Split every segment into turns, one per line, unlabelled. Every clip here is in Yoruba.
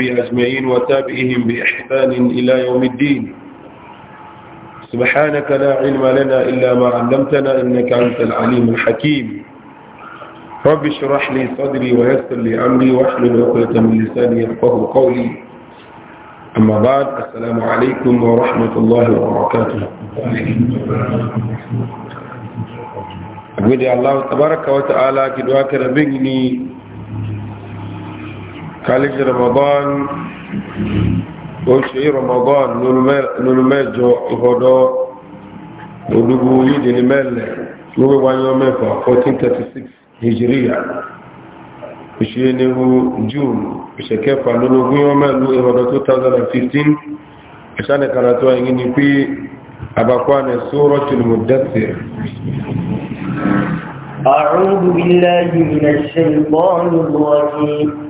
أجمعين وتابئهم بإحسان إلى يوم الدين سبحانك لا علم لنا إلا ما علمتنا إنك أنت العليم الحكيم رب اشرح لي صدري ويسر لي أمري واحلل عقدة من لساني يفقه قولي أما بعد السلام عليكم ورحمة الله وبركاته أقول الله تبارك وتعالى كدواك ربيني kálíkì ramadan oṣù ramadan lólùmẹ́jọ ìfọdọ́ odúgbò yídìní mẹ́lẹ̀ lórí wáyé mẹ́fà 1436 nigeria oṣù enihu june oṣù kẹfà lólùgbò mẹ́lú ìfọdọ́ 2015 ìṣàlẹ̀ karatu ayin ni pé abakwane suratul mudaththir أعوذ
بالله من الشيطان الرجيم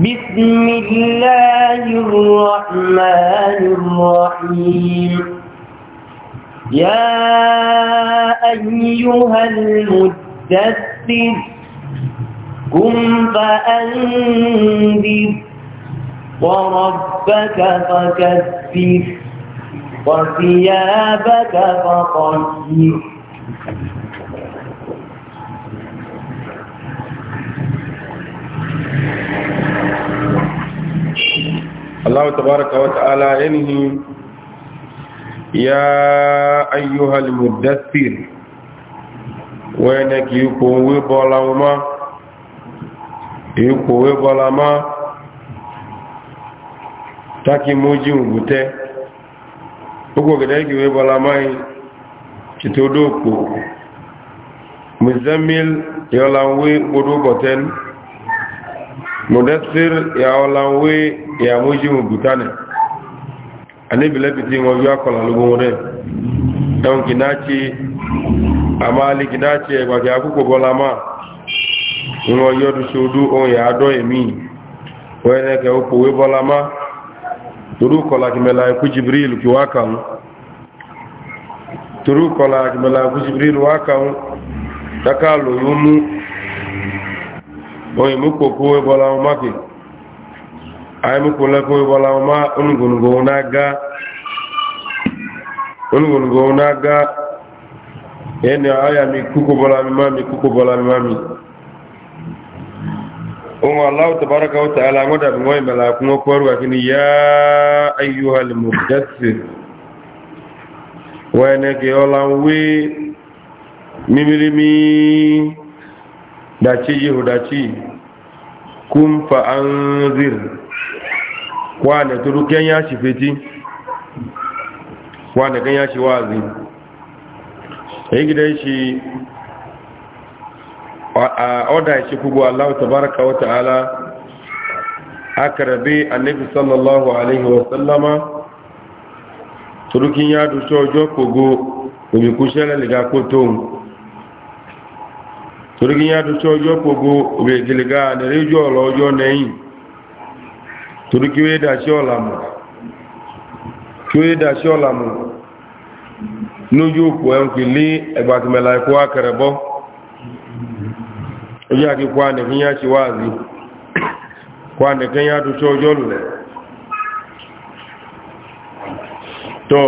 بسم الله الرحمن الرحيم يا أيها المدثر قم فأنذر وربك فكبر وثيابك فطهر
الله تبارك وتعالى ينهي يا أيها المدثر وينك يكوي بولما يكوي بولما taki moji ngute uko gidaki we bolamai kitodoko muzammil yolanwe godogoten mudasir ya olanwe ya moji mugutane anibi labiti wọn bí akọ̀lá lógún rẹ̀ ẹun kìnáàkì àmàlì kìnáàkì ẹgbàkì e akúkò bọ́lá máa ìwọ̀n yọdún ṣojú ohun ya adọ́ èmì wọ́n ẹ̀rẹ́kẹ̀ òpòwé bọ́lá máa torúkọ̀lá kìmẹ̀lá ikú jibril kí wá kàún torúkọ̀lá kìmẹ̀lá ikú jibril wá kàún taká lòyún mú oye mukpo kowe bɔla wo maki ayi mukpo lɛ kowe bɔla wo ma onugonugowo na ga onugonugowo na ga yɛni aya mi kuko bɔla mi ma mi kuko bɔla mi ma mi ohun alahu tabaraka wa ta'ala ŋo dabi ŋo imela kuŋo wɛnɛ ke dace yiwu dace kun fa'an zir
wane turuken
ya shi fiti wane kan ya shi wazi yi gidan shi a oda shi kubu allahu tabaraka wa ta'ala aka rabe annabi sallallahu alaihi wasallama turukin ya dushe ojo kogo omi kushe torigi ya do tojo pogo be giliga ne rejo lo jo nei torigi we da shola mu we da shola mu nuju ko en kili e ba kemela ko akarebo ya ki kwa ne hinya chi wazi kwa ne kan ya do tojo le to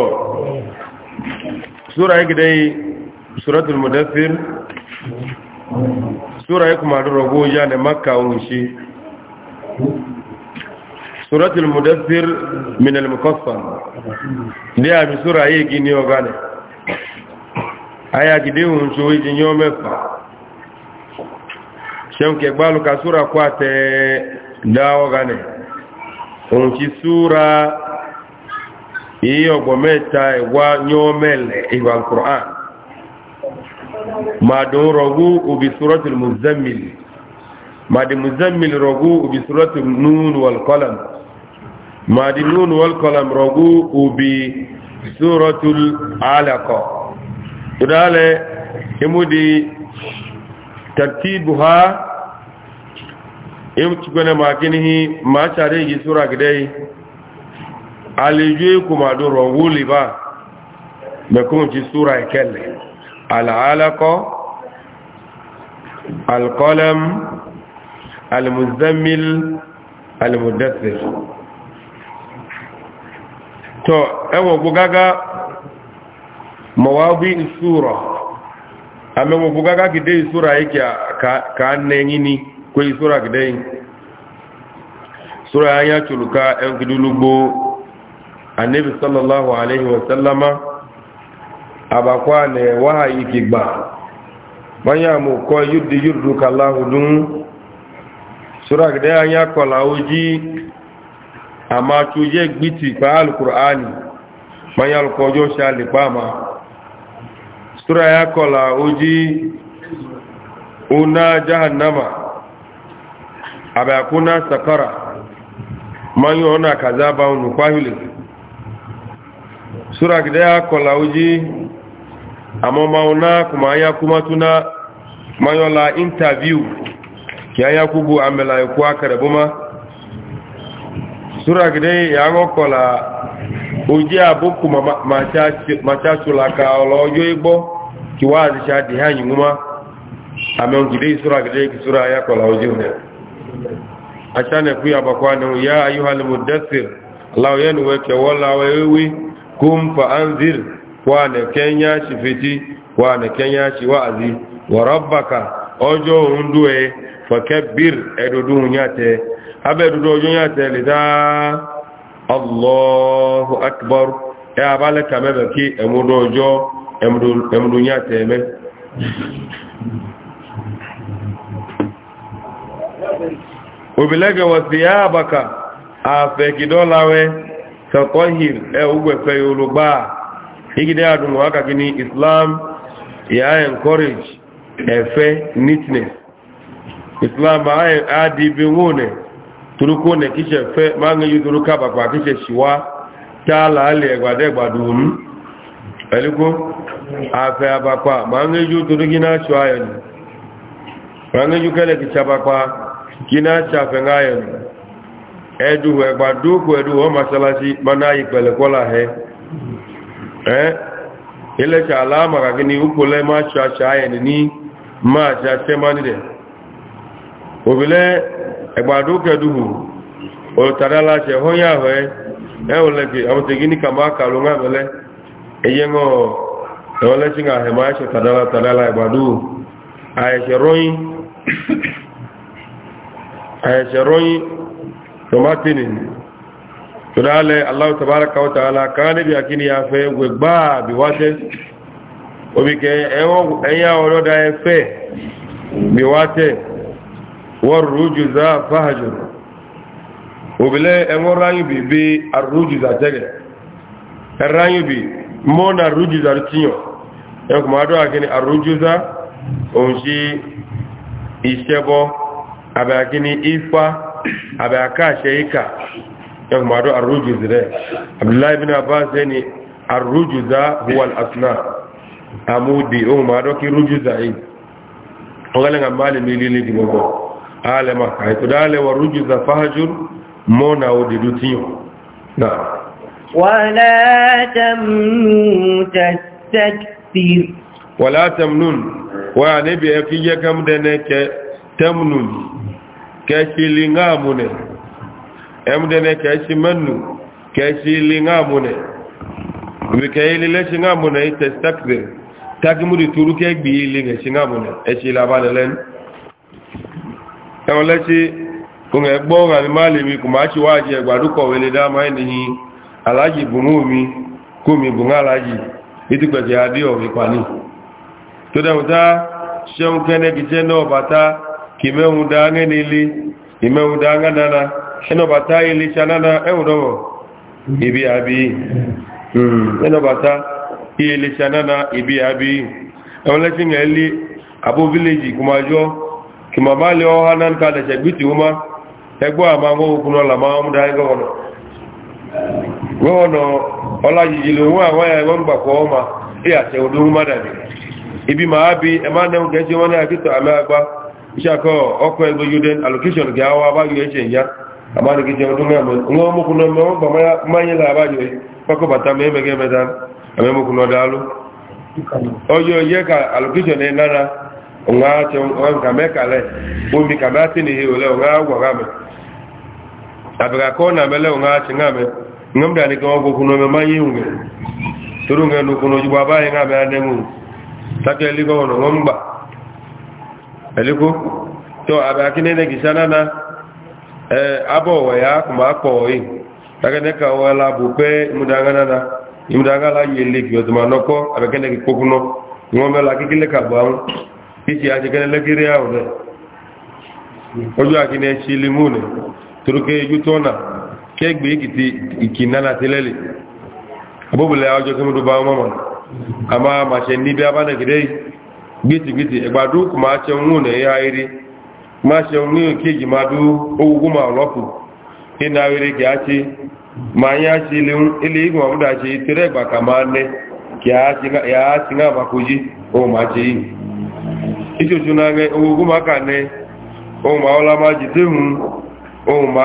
sura yake dai suratul mudaththir sura ya kuma rogo ya ne makka unshi suratul mudaththir min al-mukaffal dia bi sura yi gini o gane aya gide un so yi nyo mefa shem ke gbalu ka sura kwate dawo gane un ci sura yi ogbo meta ewa nyo mele iwa al-qur'an ma do rogu ubi suratul muzammil ma di muzammil rogu ubi suratul nun wal qalam ma di nun wal qalam rogu ubi suratul alaqa tudale imudi tartibuha im chigone ma kinihi ma chare yi sura gidai alijo kuma do rogu liba me kuma ci sura ikelle العلق القلم المزمل المدثر تو ايوا بوغاغا مواضيع السوره اما بوغاغا كده السوره هيك كان نيني كوي سوره كده سوره يا تلقى ان كدلغو النبي صلى الله عليه وسلم abakwa ne waha iki gba banya mu ko yuddi yuddu kallahu dun sura gde anya ko laoji ama tuje gbiti pa alqur'ani banya ko jo sha le pa ma sura ya ko laoji una jahannama abakuna sakara manyo na kazaba unu kwahile sura gde ya ko laoji amma mauna kuma ya kuma tuna mayola interview ya ya kubu amela ya kuwa karabu ma sura gidai ya ngokola oji abuku machachula ka ọla ọjọ igbo kiwazi sha di ha nyinwuma amen gidai sura gidai ki sura ya kola oji ne acha ne ku ya bakwa ne ya ayuha al mudaththir law yanwa ka wala wa yawi kum fa anzir wane kenya ci fiti wane kenya ci wa'azi wa rabbaka ojo hunduwe fakabbir edudu nyate abe edudu ojo nyate lida allahu akbar ya e bale kamebe ki emudu ojo emudu nyate me obilege wa siyabaka afekidolawe tatahir e ugwefe yorùbá igide adùn wákà kí ní islam ya encourage ẹ̀fẹ́ neatness islam adìbí wọn nẹ̀ turukó nẹ̀ kíṣẹ̀ fẹ́ máa ń yí turukà bàbà kíṣẹ̀ ṣíwá tààlà alẹ́ ẹgbàdẹ́gbàdù òun ẹ̀lúkó àfẹ́ àbàpà máa ń yí turukí náà ṣọ ayẹ̀nù máa ń yí kẹ́lẹ̀ kíṣẹ̀ àbàpà kí náà ṣàfẹ́ ayẹ̀nù ẹ̀dù ẹgbàdókò ẹ̀dù wọ́n masalasi máa náà yí pẹ̀lẹ̀kọ́lá ẹ̀ Eh? eleka ala maka gị na ukwole ma chacha ya ni ma chacha ma nide obele egbado keduhu otarala che onye ahụ e eweleki amụta gịnị ka ma kalụ nwa mele eye ṅụ ewelechi na ahema eche tadala tadala egbado ayecheroyi ayecheroyi tomatinin tunale allah tabaraka wa ta'ala kani bi akini ya fe gwe gba bi wate obi ke ewo eya oro da e fe bi wate war rujuza fahjur obile enwo ranyu bi bi arrujuza tege ranyu bi mona rujuza tinyo e ko mado akini arrujuza onji isebo abakini ifa abaka sheika yan maro arrujuz re abdullahi ibn abbas yani arrujuza huwa al-asna amudi o maro ki rujuza yi ngale ngamale milili di bobo ale makai to dale wa rujuza fahjur mona o di dutinyo na
wala tamnu tastakbir
wala tamnun wa nabi afiya e kam da nake tamnun kashilin amune emdene kechi mannu kechi li ngamune bi kayli le chi ngamune tastakbir tagmudi turu ke gbi li nge chi ngamune e chi la bale len emle chi kunge gbo ga mi mali mi kuma chi waji wele da ni alaji bunu kumi bunga alaji itu ko je adio mi pani to da uta sheun kene bata kimehun da ngene ngana ẹnọbàtá ilé ṣalára ẹwùrọ̀wọ̀ ibi àbí ẹnọbàtá ilé ṣalára ibi àbí ẹwọ́n lẹ́ṣin ẹ̀lẹ́ àbó village kùmájọ́ kì máa bá lè ọ́há náà ká lẹ̀ṣẹ̀ gbí ti wọ́má ẹgbọ́ àmà wọn òkun ọlà máa ń dáa gọ́ọ̀nà gọ́ọ̀nà ọlájìjì ló wọ́n àwọn ẹ̀wọ́n gbàkọ́ ọmọ ẹ̀ àṣẹ odún mádàbí ibi máa bí ẹ máa náà allocation ga wa ba yi yace amani kije otunga ngo mo kuno mo ba manye la bajo pako bata meme ge medan ame mo kuno dalu oyo ye ka alukisọ ne nana nga che on ka me kale o mi ka bati ni he ole nga gwa ga me abega ko na mele nga che nga me ngam da ni ko kuno me manye unge turu nga no ba nga me ane mu take li ko no abọ̀wọ̀ ya kùmà akpọ oyi. takẹ́ni ka wọ́n la bò pé ìmúdàgá nana ìmúdàgá la yẹ lè fi ọ̀tọ̀mọ̀ nọkọ́ abẹ́kẹ́ni kì kókó nọ ìwọ́n mẹ́la kékeré ka bọ̀ àwọn títí àjẹkẹ́ni lẹ́gẹ́rẹ́ àwọn rẹ̀ ojú àkínní ẹ̀ṣí limu rẹ̀ torókè ojú kẹ́gbẹ́ ìkìtì ìkì nana tẹ́lẹ̀lẹ̀ abóbulẹ̀ ọjọ́ bá wọn mọ̀ àmà màṣẹ níbi gbìtìgbìtì ní ẹ̀yà ma ṣe òun ní kéjì máa dú owó máa lọ́pù iná rere kì ma ṣe máa yá ṣe ilé ìgbìmọ̀ àmúdà ṣe tẹ́rẹ̀ ìgbàkà máa nẹ́ kì á ti ń àbàkójí ohun ma ṣe yìí ìṣòṣù náà rẹ owó máa ohun ma ọlá máa jì téhùn ohun ma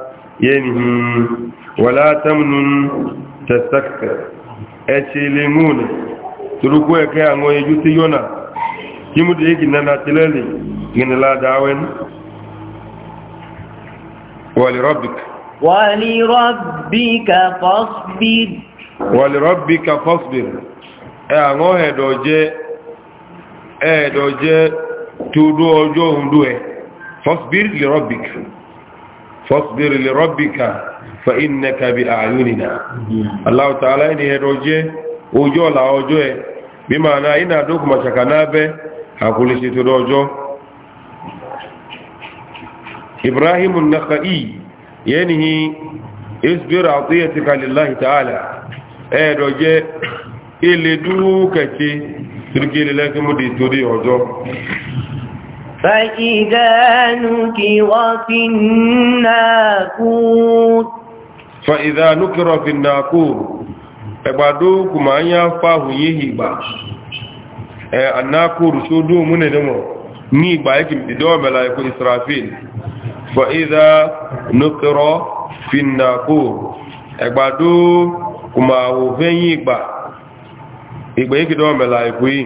ينهي ولا تمن تستكثر اتشيلمون تركوا يكي انو يجوتي يونا كيمو ديكي نانا تلالي ين لا داوين ولربك ولربك فاصبر ولربك فاصبر انو هدوجه هدوجه تودو اوجو هندوه فاصبر لربك فاصبر لربك فإنك بأعيننا الله تعالى إني هروجي وجو لا وجوه بما أنا إنا دوك ما شكنا به أقول شيء تروجو إبراهيم النخعي ينهي اصبر عطيتك لله تعالى هروجي إلي دوكتي تركي لك مدي توري وجو
فإذا نكر في الناقور
فإذا نكر في الناقور ẹgbàdó kùmà ń yá fáhùn yé ìgbà ẹ anákùrù tí fọ ìdá nukirọ finnakùrù ẹgbàdó yìí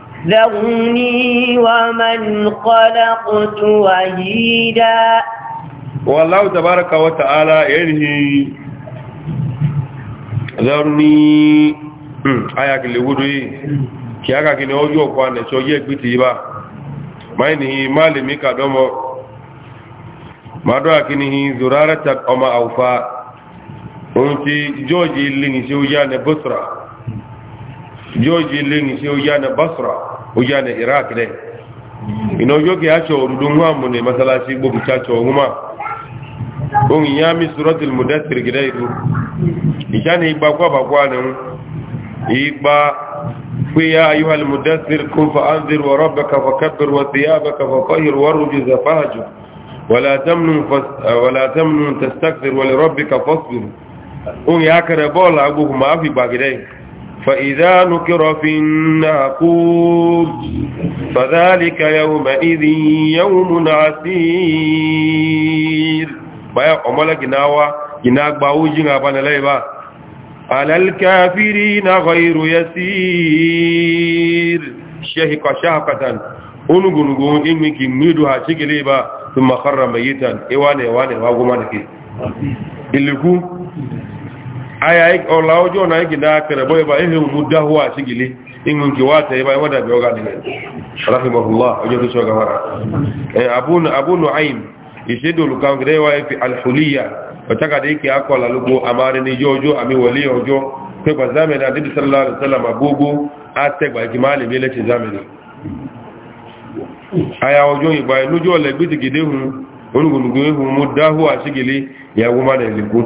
ذرني ومن خلقت وحيدا
والله تبارك وتعالى ينهي ذرني آية الوضوء kí aka kí ni ó yóò kwa nẹ̀ṣọ́ yẹ́ gbí ti yíba máa ní máa lè mí kàdọ́mọ́ máa dọ́ àkí ni zurara ta ọmọ àwùfà ohun tí george lè ní sí ó yá ní basra george lè ní sí ó yá ní basra oja ne iraq ne ina ojo ke acho orudun wa mu ne masalaci gbo kicha cho nguma on ya mi suratul mudaththir gidairu ija ne igba kwa bakwa ne igba fi ya ayyuhal mudaththir kun fa anzir wa rabbaka fakabbir wa thiyabaka fatahhir wa rujuz fahjur ولا تمنن فس... ولا تمنن تستكثر ولربك فاصبر ان يا فإذا نكر في الناقور فذلك يومئذ يوم عسير بايا أمالك ناوى جناك باوجي غابان ليبا على الكافرين غير يسير شهق شهقة أنغنغون إنك ميدها شكليبا ثم خر ميتا إيواني إيواني واغمانك إلكو aya ọ̀la ọjọ́ ọ̀nà ìgìdá kẹrẹ̀bọ́ ẹba ihe mú dáhù àṣígilé inú nke wá tẹ̀ ẹba ìwọ́dà bí ọgá nílẹ̀ rahimahulá ọjọ́ tó ṣọ́gá wára abúnù ayin ìṣẹ́dọ̀lùkan gẹ́rẹ́wà ẹfẹ́ alhuliya ọ̀tàkàdé ike akọ̀ọ̀lá lóko amárinijọ́ ọjọ́ ojo wọlé ọjọ́ pẹ́gbà zámẹ́ni adébí sallallahu alaihi wasallam agbógbó àtẹgbà ìgbìmọ̀ àlèmí ẹlẹ́tì zámẹ́ni aya ọjọ́ ìgbà ẹnújọ́ ọ̀lẹ́gbẹ́dẹ̀gẹ́dẹ́ hun olùgbòǹgbò ehun mú dáhù àṣígilé ìyàwó mánà ìlẹ̀kùn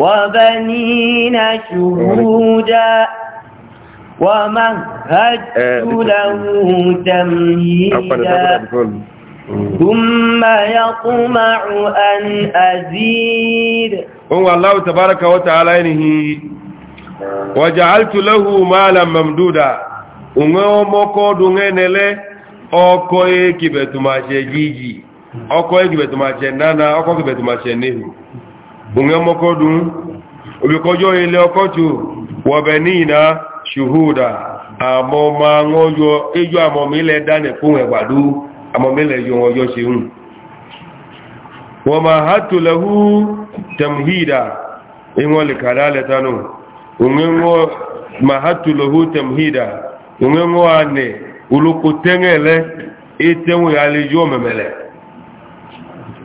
وبنين شهودا ومهدت
eh, له تمهيدا ثم
يطمع أن أزيد
هو الله تبارك وتعالى إنه وجعلت له مالا ممدودا ungomoko dungenele oko ekibetumashe jiji oko ekibetumashe nana oko ekibetumashe nehu onwe mọkọdụ obikọjọ ile ọkọchị wọbenina shuhuda amọmaṅụjọ eju amọmile danepụnwe gbado wọ́n ma ha tó lẹ́hú tamhida inwọ́n lè kàdá ma ha tó anị ya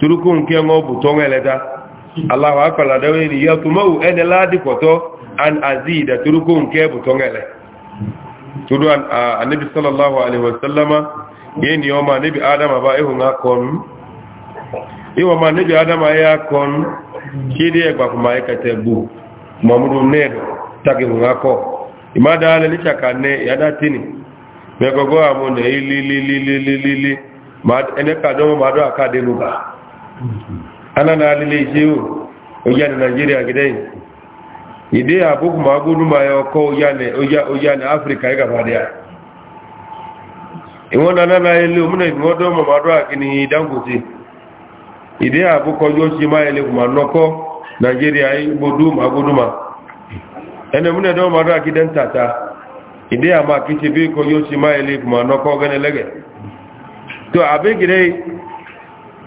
turuku nke ngo bu tonga leta Allah wa akala dawe ni ya tumau ene ladi koto an azida turuku nke bu tonga le an annabi sallallahu alaihi wasallama yeni yoma nabi Adam ba ihu nga kon iwa ma nabi Adam ya kon kidi e gbafu ma ikate bu mamudu nedo taki hu nga ko imada ale ni chakane ya datini megogo amune ili li li li li li ma ene kadomo madu akade nuba ana na alile ise o oya ni nigeria gidai ide abubu magunu ma ya ọkọ oya ni afirka iga fadiya iwọn na nana ele omuna iwọdọ mamadu akini dangote ide abukọ yóò ṣe máa ele kuma nọkọ nigeria igbodu magunu ma ẹni omuna ẹdọ mamadu akidẹ ntata ide ama kìí ṣe bí ikọ yóò ṣe máa ele kuma nọkọ gẹnẹlẹgẹ to abegidai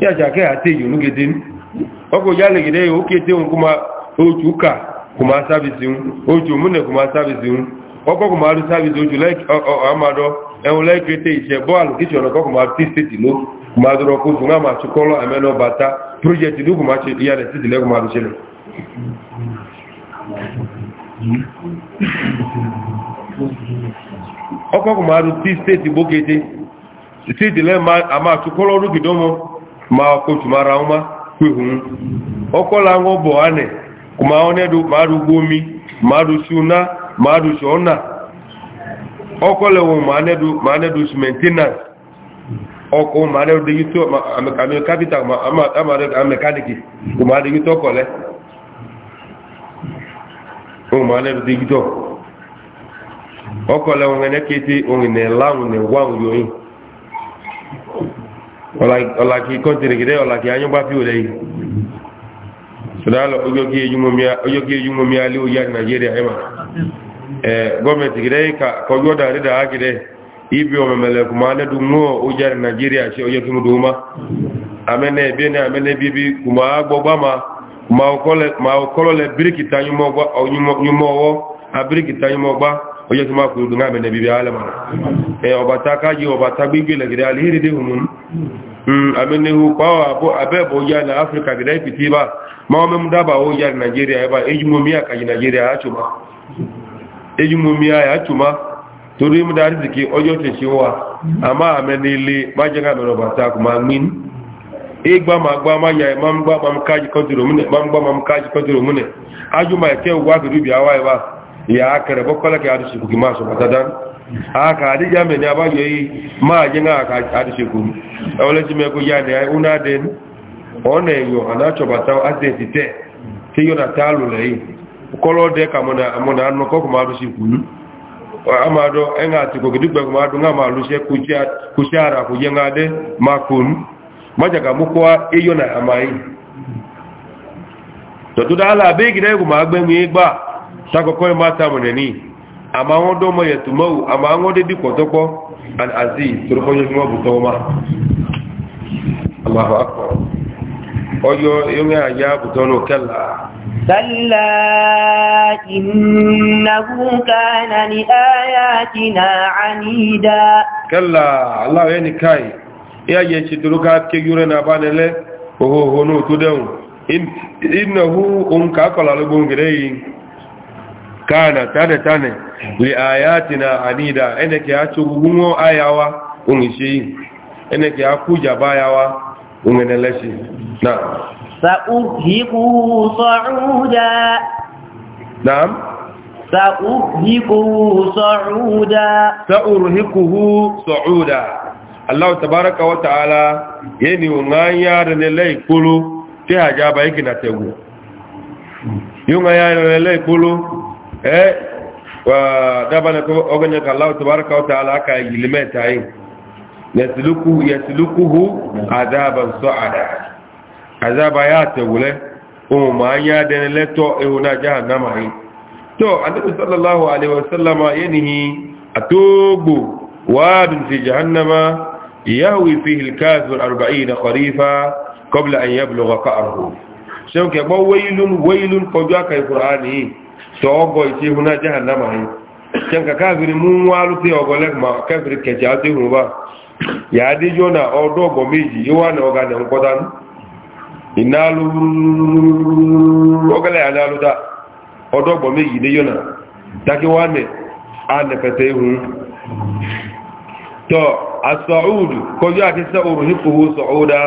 ya jake ate yunu gedin ogo yale gede o kete un kuma oju ka kuma sabisi un oju kuma sabisi un ọkọ kuma ru oju like amado ehun like kete ise ball kicho no kuma artist ti lo kuma dro ko tun ama chukolo bata kuma le kuma ma kotu mara ọma kwehun ọkọla ń ọbọ anẹ kuma ọnẹdọ maadu gbomi maadu suna maadu sọọna ọkọla wọn maanẹdọ maanẹdọ maintenance ọkọ maanẹdọ degitọ amẹ kapita amadọ amẹkaniki kuma degitọ kọlẹ wọn maanẹdọ degitọ ọkọla wọn ẹnẹ kete wọn ẹnẹ láwọn ẹnẹ wáwọn yọyin ọ̀làkì kọ́ntìrìkìdẹ́ ọ̀làkì anyọ́gbá fi òlẹ́ yìí ṣùdálọ̀ ojókí ejúmomi alé oyá nigeria ẹmà gọ́ọ̀mẹ̀tì gidẹ́ kọjọ́dà rídà ágidẹ́ ibi ọmọmẹ̀lẹ̀kù ma nẹ́dù mọ́ oyá nigeria ṣe ojókí mọ́dọ́má amẹ́nẹ́ ẹ̀bẹ́ ní amẹ́nẹ́ bíbí kùmà gbọ́gbá ma ọkọ́lọ́lẹ̀ bíríkìtà yúmọ́ ọwọ́ abíríkìtà yúmọ́ ọgbá oye ki ma ku dunga me nabi bi alama e eh, obata kaji obata gbigbe le gida alheri de humun hmm, amene hu kwa abo afrika gida pitiba ma me mdaba nigeria eba ejumo mi aka nigeria achuma ejumo mi aya achuma tori mu dari ama amene ile ma je ga me obata ku ma min igba ma gba ma ya ma gba ma kaji koduro mune ma gba ma kaji koduro mune ajuma ke wa gidu bi awa eba ya kere bokola ke adu siku a matadan aka adija me ni abayo yi ma je nga aka adu siku ole ti me ko ya ne una den one yo anacho bata adetite ti yo na talu le yi kolo de ka mona mona no ko ma adu siku enga ti ko gidugbe ko ma adu nga ma lu ku ku ku je nga de ma kun ma mu ko na amai to tu da ala takọkọ ẹ máa ta mọ̀nẹ̀ ní àmà wọn dọ́mọ̀ yẹ̀tùmọ́wù àmà wọn dédí pọ̀tọ́pọ́ and azi torọ́kọ́jọ́ tí wọ́n bù tọ́wọ́ máa àmàfà akọ̀ ọjọ́ yóò yá bù tọ́nù kẹ́là
كلا إنه كان لآياتنا عنيدا
كلا الله يعني na يا يشي دلوكا كيورنا بانله وهو هو نو تدون إنه kana tane tane li ayatina anida ene ke achugungo ayawa ungishi ene ke akuja bayawa ungeneleshi na sa'uhiku
sa'uda
naam sa'uhiku sa'uda sa'urhiku sa'uda Allah tabaraka wa ta'ala yeni unganya renele ikulu ti hajaba ikina tegu yunga ya renele ikulu eh wa dabana ko oganya ka Allah tabaaraka wa ta'ala ka yilme tayi yasluku yaslukuhu adaban su'ada azaba ya tawule o ma ya dene leto e una jahannama yi to annabi sallallahu alaihi wasallama yanihi atubu wadun fi jahannama yahwi fihi al-kafir 40 kharifa qabla an yablugha qa'ruhu shauke ba waylun waylun fajaka al-qur'ani tɔ ɔgɔ hụ hu na jahannama yi can ka kafiri mun walu te ɔgɔ lɛ ma kafiri kɛcɛ ate hu ba yaa di na ọdụ ɔgɔ meji yi na ɔga na nkɔta nu inalu ɔgɛlɛ yana alu ta ɔdɔ ɔgɔ meji dị jona na wa ne a nɛfɛte hu tɔ asɔɔdu kɔjú ati sɛ oruhi kuhu sɔɔda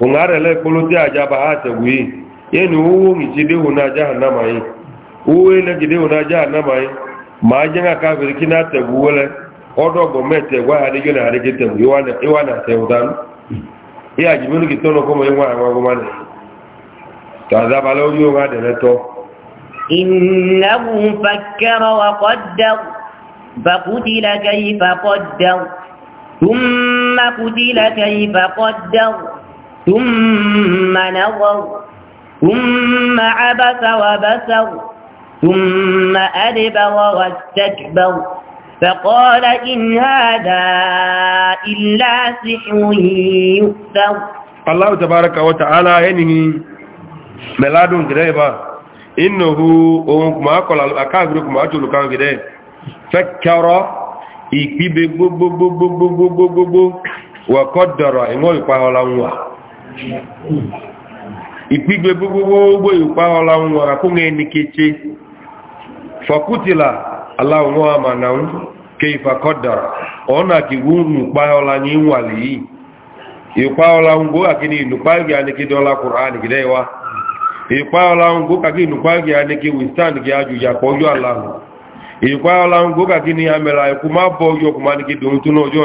ŋun arɛ lɛ kpolo ha tɛ wuyi yɛ ni wo wo ŋun ti de hu na jahannama yi. uwe na gide na ja anamaghị ma a jena aka biri na wele ọdụ gọọmenti egwa ha na ha dịgị tegu ịwa na teudan ihe jimenu gị tọnụ kọmọ ịnwa anwa gọma na ka azabala oyi onwe adịrị tọ إنه
فكر وقدر فقتل كيف قدر ثم قتل كيف قدر ثم ثم أدبر واستكبر فقال إن هذا إلا سحر يؤثر
الله تبارك وتعالى ينهي ملاد كده إنه ما قال أكابر ما أجل كان كده فكر إكبي وقدر إنه يقال الله ìpígbé gbogbogbò kéèkéé fakutila aláwọn wọn a máa náà kéfà kọ́dàrà ọ̀nà kí wúrù páyọ́lá ní wàlì yìí ìpáyọ́lá ń gó àkíní ìnùpáyọ́gì aníkídọ́lá kùránì gidẹ́ wa ìpáyọ́lá ń gó kàkí ìnùpáyọ́gì aníkí wìstáàni kí ajújà pọ́jú aláhùn ìpáyọ́lá ń gó kàkí ní amẹ́lá ikú má bọ́ ọjọ́ kùmá ní kí dòun tún ọjọ́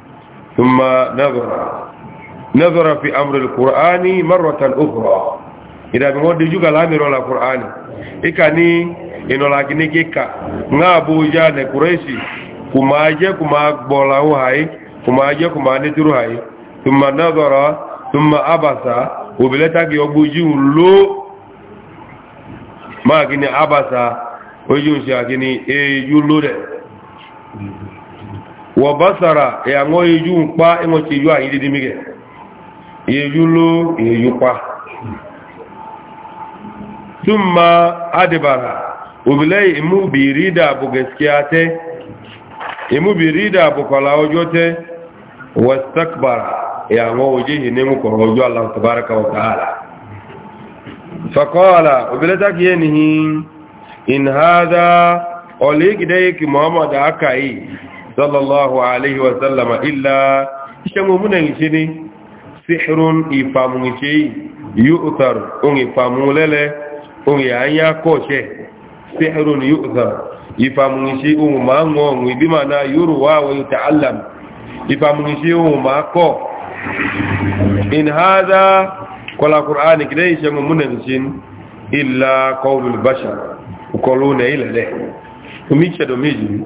ثم نظر نظر في أمر القرآن مرة أخرى إذا بمود يجوك الأمر على القرآن إكاني إنو لكني كيكا نابو جان قريشي كما أجي كما أقبله هاي كما أجي كما نترو هاي ثم نظر ثم أبس وبلتك يبوجي لو ما أجيني أبس ويجوش أجيني إيه يلو ده wọ basara ẹ̀yàwó ejú ń pa ẹwọ́n ti yú àyídí dí mígẹ̀ yẹjú ló yẹjú pa tún ma adìbàrà òbílẹ̀ ìmúbìrídà bù gẹ̀ẹ́sìkíá tẹ́ ìmúbìrídà bù kọ̀lá ọjọ́ tẹ́ wọ́stakbara ẹ̀yàwó ojii yìí ní mùkọ̀rọ̀ ọjọ́ sallallahu alaihi wasallama illa ishe mummunan ishe ne sihirun ifamun ishe yi utar un ifamun lele un yanya koshe sihirun yi utar ifamun ishe un ma ngon ibi mana yuruwa wa yi ta'allam ifamun ishe un ma ko in haza kola ƙur'ani gidai ishe mummunan ishe illa kọlul bashar kọlu na ilẹ̀ domin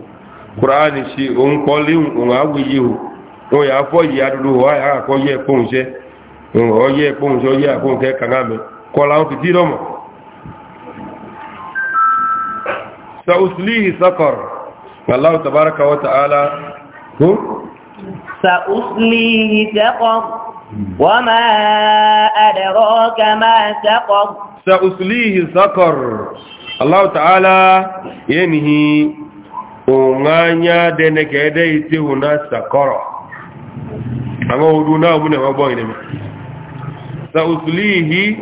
kurani si òun kọ́lé òun awuyi o òun yà fọ́ yìí adudu wà yà kọ́ yẹ kóhùnṣẹ́ òun ọ̀ yẹ kóhùnṣẹ́ yẹ àkóhùnkẹ́ kàngá mi kọ́lá òun fìtí lọ́mọ̀. sàùsùlìhì sàkọ̀r aláwọ̀ tàbárakà wà tààlà kú.
sàùsùlìhì sàkọ̀r wà máa àdàrọ̀ kà máa sàkọ̀r.
sàùsùlìhì sàkọ̀r aláwọ̀ tààlà yẹ́nìhì. onganya dene kede ite una sakoro anga uduna mune mabonye me sa uslihi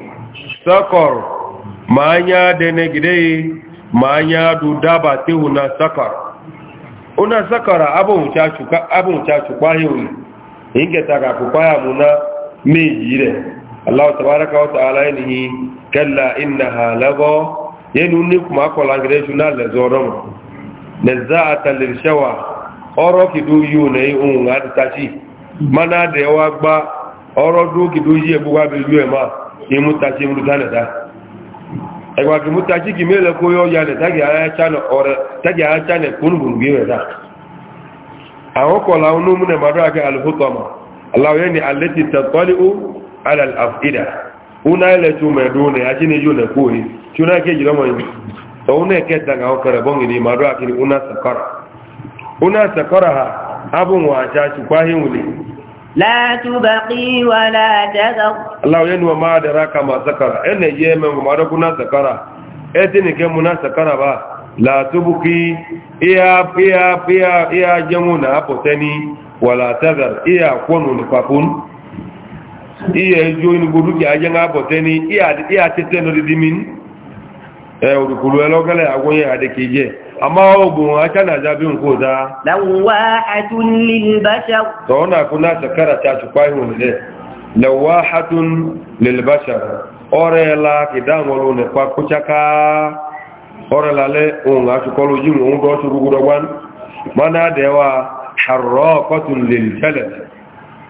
sakor manya dene gidei manya dudaba te una sakar una sakara abun chachuka abun chachukwa hiuni ingetaka kukwaya muna mejire Allah tabaraka wa nazaata lirshawa ọrọ kìdó yíò na ohun àtìtàṣì mana dẹ̀wà gba ọrọ dúó kìdó yí ẹgbogbo abẹ̀lú ẹ̀má ìmútàṣì múlùtà nẹ̀dá ẹgbà kì mútàṣì kì mẹ́lẹ̀ kó yọ ya nẹ̀ tàbí àyàchá nẹ̀ kúnnùgbùn gbé rẹ̀ dá àwọn kọ̀lá onómú nẹ̀ màdúrà kẹ́ alùfótọ́mà aláwọ̀ ni alẹ́tì tẹ̀tọ́lì ó alàlàfídà ó náà lẹ́tù mẹ́dún ouna keta ga okere bongi ni madu akini una sakara una sakara ha abun wa chachi kwa hiuli la
tubaqi wa la tadhar
Allah yenu ma adraka ma sakara ene yeme madu kuna sakara etini ke muna sakara ba la tubqi iya iya iya iya jamuna hapo teni wala tadhar iya kwonu ni papun iya jo gudu ki ajenga hapo teni iya iya teteno didimini Eh, olùkùlù ẹlọ́gẹ́lẹ̀ agbóyẹ àdékèjẹ́ a máa ogun achánàjá bí n kò dáa
lọ́wọ́ àtún lèlbáṣà
tọ́ọ̀nà kúnná sàkárà tí a ṣùpá ihun lẹ́ lọ́wọ́ àtún ọ̀rẹ́ ẹ̀la ohun àṣùkọlù yìí òun gọ́ ṣe gbogbo dọ́gbán mọ́nà àdẹ́wà àrọ́ọ̀kọ́tún lèlbẹ̀lẹ̀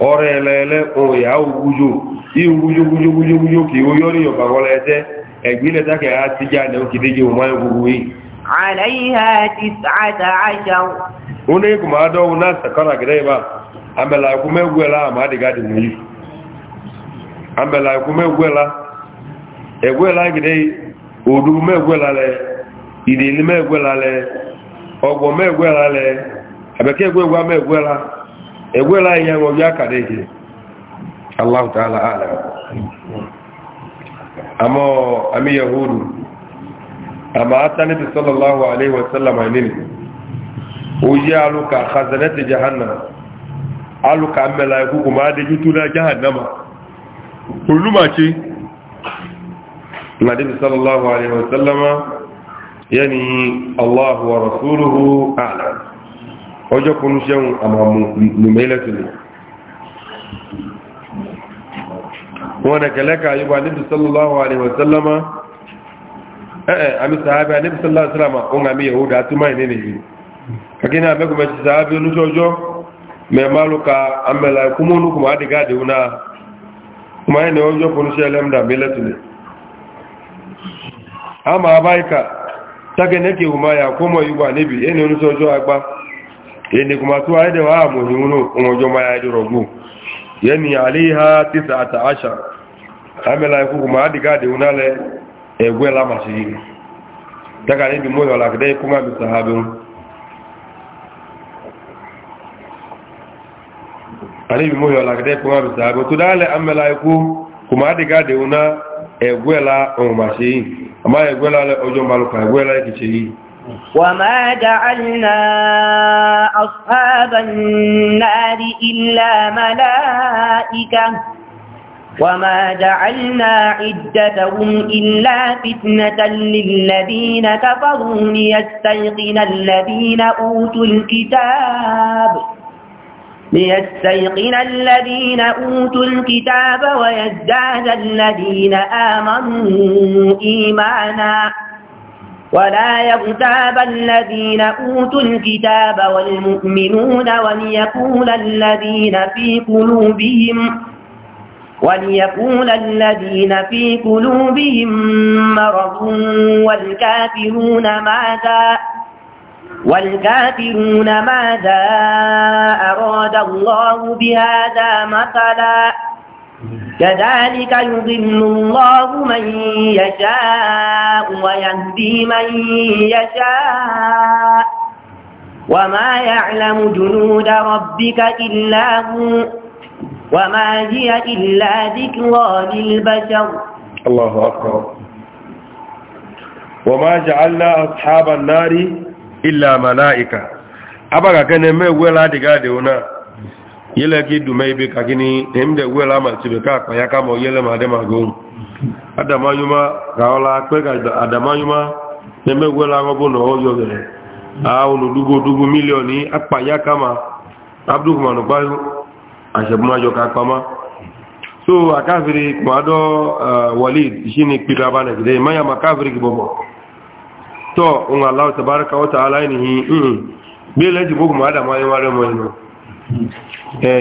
ọ̀rẹ́ ẹ̀gbílẹ̀ tákẹ̀ á ti já ní òkè déjì òun máa gbogbo yìí.
àlàyé ti sàádà àjà o.
ó ní kò máa dọ́wọ́ náà sàkọ́nà gẹ́gẹ́ yìí bá àmẹ́là ikú mẹ́gbù ẹ̀ láà máa dìgá dìmú yìí. àmẹ́là ikú mẹ́gbù ẹ̀ lá ẹ̀gbù ẹ̀ lá gẹ́gẹ́ yìí òdu mẹ́gbù ẹ̀ ẹ̀ ẹ̀ àbẹ̀kẹ́ amma ami yahudu amma asanati sallallahu alaihi wasallam nini oji aluka khazanati jahannama aluka amela iku kuma de jutuna jahannama kuluma ce nabi sallallahu alaihi wasallam yani allah wa rasuluhu a'lam ojo kunu sheun amamu numailatuli wọn kẹlẹ́kà yíwa níbi sallallahu alaihi wasallama ẹ̀ẹ̀ a sàábẹ́ níbi sallallahu alaihi wasallama ohun àmì yahuda túnmà ìní nìyí kakíní àmẹ́kùnmẹ́ ti sàábẹ́ olójọ́jọ́ mẹ́málùka amẹ́lá kúmọ́nùkùnmọ́ àdìgáàdì wọn náà kuma ẹni ọjọ́ fúnṣẹ́ ẹlẹ́mdà mílẹ̀tùlẹ̀ a máa bá ìkà tágẹ́nẹ́kẹ̀ ìwọ̀n máa yà kó mọ̀ ìwà níbi ẹni oníṣọ́jọ́ agbá ẹni kùmà tó ayẹ́dẹ̀wà àmòhìn ọjọ́ ya amela ikwu ma adịghị adịghị n'ala egwela masị gị daga ne bi mo yola ka dai kuma bi sahabin ani bi mo yola ka dai kuma bi sahabin to dale an malaiku egwela o ma se yi ama egwela le ojo malu ka egwela ki se yi وما
جعلنا أصحاب النار إلا ملائكة وما جعلنا عدتهم إلا فتنة للذين كفروا ليستيقن الذين أوتوا الكتاب ليستيقن الذين أوتوا الكتاب ويزداد الذين آمنوا إيمانا ولا يغتاب الذين أوتوا الكتاب والمؤمنون وليقول الذين في قلوبهم وليقول الذين في قلوبهم مرض والكافرون ماذا والكافرون ماذا أراد الله بهذا مثلا كذلك يضل الله من يشاء ويهدي من يشاء وما يعلم جنود ربك إلا هو وما هي إلا ذكرى للبشر
الله أكبر وما جعلنا أصحاب النار إلا ملائكة أبقى كان ميولا دقادونا yele ki dume ibe kakini emde wela ma tibe ka kwa ya kama yele ma de ma go adama yuma kaola pe ka adama yuma neme wela go bo no a olu milioni ya àṣẹ̀bùmájọ ká pamá so àkáfìrí kùmádọ́ uh, walid ìṣíní pípa bá nàìjíríà ìmáyà makáfìrí gbogbo tọ́ ohun aláwọ̀ tàbárakà ọ́ta aláìníhìn gbé lẹ́jì bókù máa dàmọ́ ayé márẹ́ mọ́ inú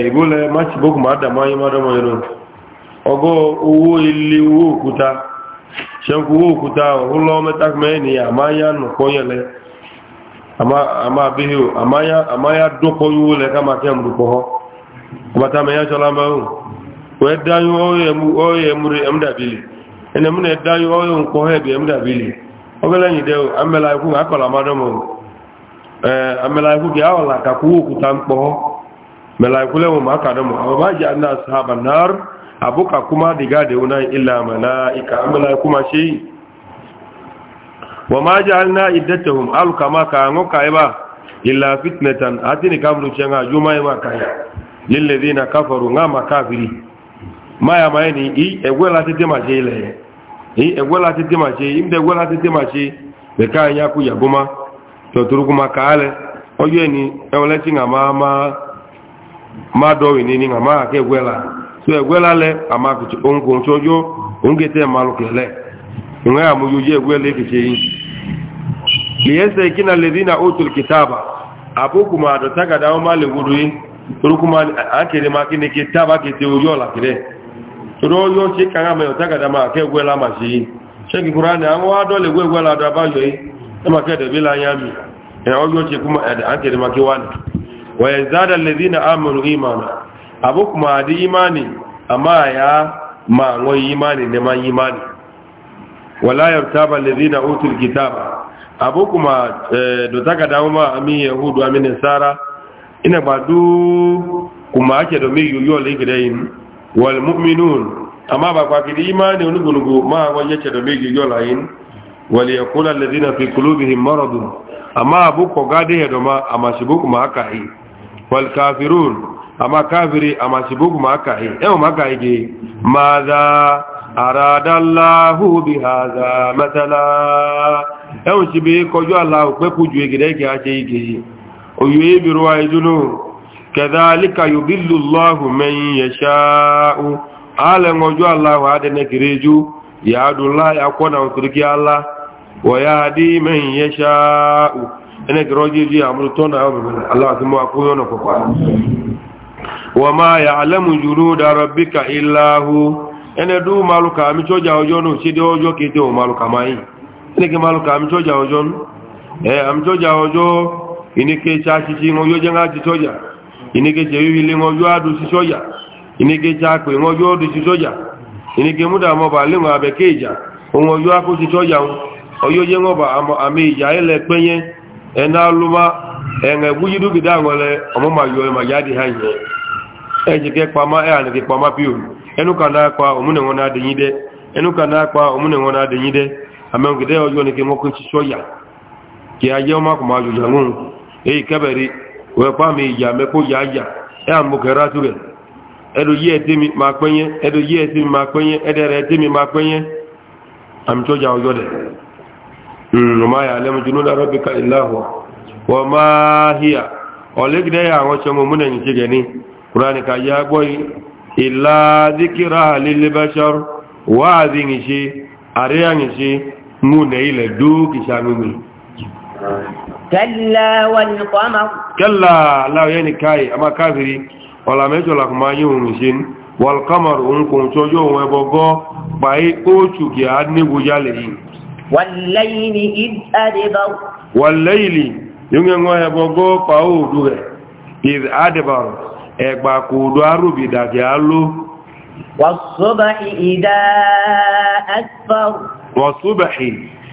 ìgbólẹ̀ máṣì bókù máa dàmọ́ ayé márẹ́ mọ́ inú ọgọ́ owó ilé owó òkúta ṣẹ́kù owó òkúta ọ̀húnlọ́ mẹ́tàkùnmẹ́ni àmáyá nùkọ́yẹ̀lẹ́ àmáyá dọ́kọ́ yíwó lẹ́ ká máa kẹ́ kubata me ya chola mbao we dayu oye mu oye muri amda bili ene mune dayu oye ko hebe amda bili ogala ni de amela ku akola madomo eh amela ku ya wala ka ku ku tampo mela ku le mu makadomo aba ja na sahaba nar abuka kuma diga de una illa malaika amela kuma shi wa ma lilladhina kafaru ngama kafiri maya maeni i egwela tete mache ile i egwela tete mache imde egwela tete mache beka anya ku yaguma toturu kuma kale oyo ma ewle chinga mama mado ni ni ngama ke egwela so egwela le ama ku onko chojo ongete malukele nga amuyu je egwele kiche liyesa ikina alladhina utul kitaba abukuma adotaka dawo male gudu torokuma akele ma kene ke taba kete o yɔ lakele toro yɔ se kanga mɛ o tagada ma wɛ la ma se ye sɛki kura ne an wa le wɛ wɛ la do a ba yɔ ye ne ma kɛ dɛbi la yami ɛ o yɔ se kuma ɛ akele ma ke wa ne wa yɛ zada lɛbi na amadu imana a kuma a imani a ma a ma ŋɔ imani ne ma imani wala yɛ taba lɛbi na o kitaba a bɛ kuma ɛ do tagada ma ami yahudu ami nasara ina ba du kuma ake da mai yoyo le gida yin wal mu'minun amma ba kwa kidi imani wani gunugu ma wani yake da mai yoyo la yin wal yakuna alladhina fi qulubihim marad amma abu ko gade ya doma amma shibu kuma aka yi wal kafirun amma kafiri amma shibu kuma aka yi eh ma aka yi ma za arada allah bi hadha matala eh shibi ko jo allah ko gida ke ake yi ويبر وايدنو كذلك يضل الله من يشاء على وجو الله هذا نكريجو يا الله يكون وتركي الله ويهدي من يشاء انك روجي امرتنا الله ثم اكون فقا وما يعلم جنود ربك الا هو ene du maluka mi choja ojo no sidi ojo kete o maluka mai ene ke maluka mi choja ojo eh am choja ojo inikecha achịcha ṅụoji na achịcha ọja inekecha ehihili ṅụoju adụchicha ọja inekecha akpa ṅụoju ọdụchicha ọja ineke mụda amọba le nwa bekee ja ṅụoju akụ chicha ọja oyoje ṅụba amaija ele kpenye ena alụma eṅe gbujidugide aṅụle ọmụma yọọ ma ya adịghị anyị ejike kpama ehanike kpama pio enuka na-akpa omune nwe na-adịnyide enuka na-akpa omune nwe na-adịnyide amegide ọjọọ nike nwoke chicha ọya ka ya jee ọmakụ ma ajụja ṅụrụ eyi kabari we fami ya me ko ya ya e amu karatu re edo ye temi ma penye edo ye temi ma penye edere temi ma penye am to ja ojo de mm ma ya lemu jununa rabbika illahu wa ma hiya olegde ya won chemo qur'ani ka ya illa dhikra lil bashar wa dhingi shi mune ile du kishamimi
كلا والقمر
كلا لا يعني كاي اما كافري ولا ميتو لك ما يومشين والقمر انكم توجو وبغو باي اوچو كي ادني بوجالي والليل اذ ادبر والليل يونغو وبغو باو دوغ اذ ادبر اغبا كودو اروبي داكي الو والصبح اذا اسفر والصبح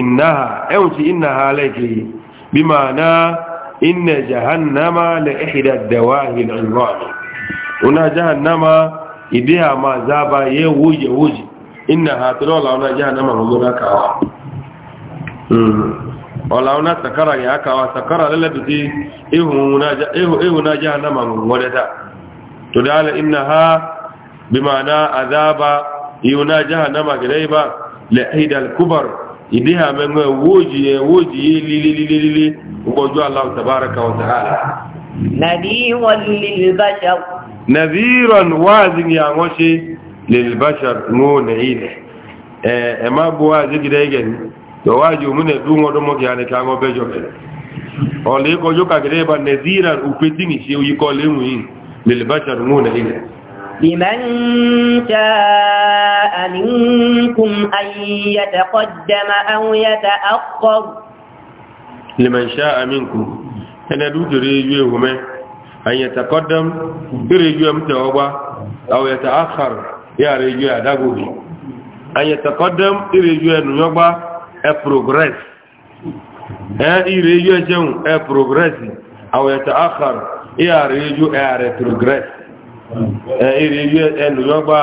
innaha ẹ̀hùn ti innaha lẹ́kì bí ma na inna jahannama lẹ ẹ̀hìdà dẹ̀wà ìlànàmì una jahannama ìdí a ma zaba yẹ wóye wóye innaha tó lọ́la una jahannama mọ́gbọ́n kawa ọ̀la una sakara ya kawa sakara lẹ́lẹ́bìtì ihuna jahannama mọ́gbọ́n ta to innaha bí ma na azaba ihuna jahannama gẹ́lẹ́ ba lẹ́hìdà kubar ìdí àmẹ́mẹ́ wóòjì yẹ wóòjì yé lílélílélílé gbọ́jú aláwọ̀ tàbára kan tààrà. nàbíran wáàzì ni àwọn ṣe lèlbáṣar ńwó nàílẹ̀ ẹ̀ má bó wáàzì gidẹ́ igẹ̀ ni tọ́wájú òmìnà dún wọn dọ́mọ́ kìí àníkà wọn bẹ́jọ bẹ̀rẹ̀ ọ̀lẹ́kọjọ́ kàkẹ́rẹ́ bá nàbíran òpétí nìṣe oyíkọ́ léwu
لمن شاء منكم أن يتقدم أو يتأخر
لمن شاء منكم هنا دوت ريجوهما أن يتقدم بريجوه متوبة أو يتأخر يا ريجوه داغوبي أن يتقدم ريجوه نيوبة progress أي ريجوه جون progress أو يتأخر يا ريجوه retrogress Eh, iri eluyọgba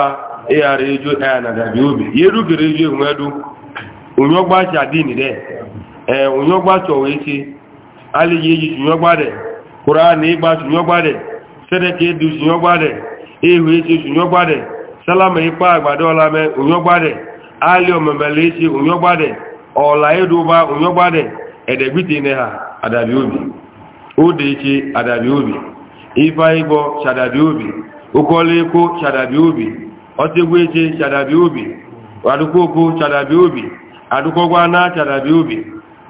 ịghara eju eh, anadabi obi ya erugere eju ehunwedu unyọgba chadin onyogba eh, ee unyọgba chọwa echi alịghị eji chunyọgba de kụra na de du de ihu de ikpe agbado de onyogba de onyogba de ne ha adabi obi ode obi ụkọla eko chadabi obi ọtegwu eche chadabi obi adụkoko chadabi obi adụkọgwa na chadabi obi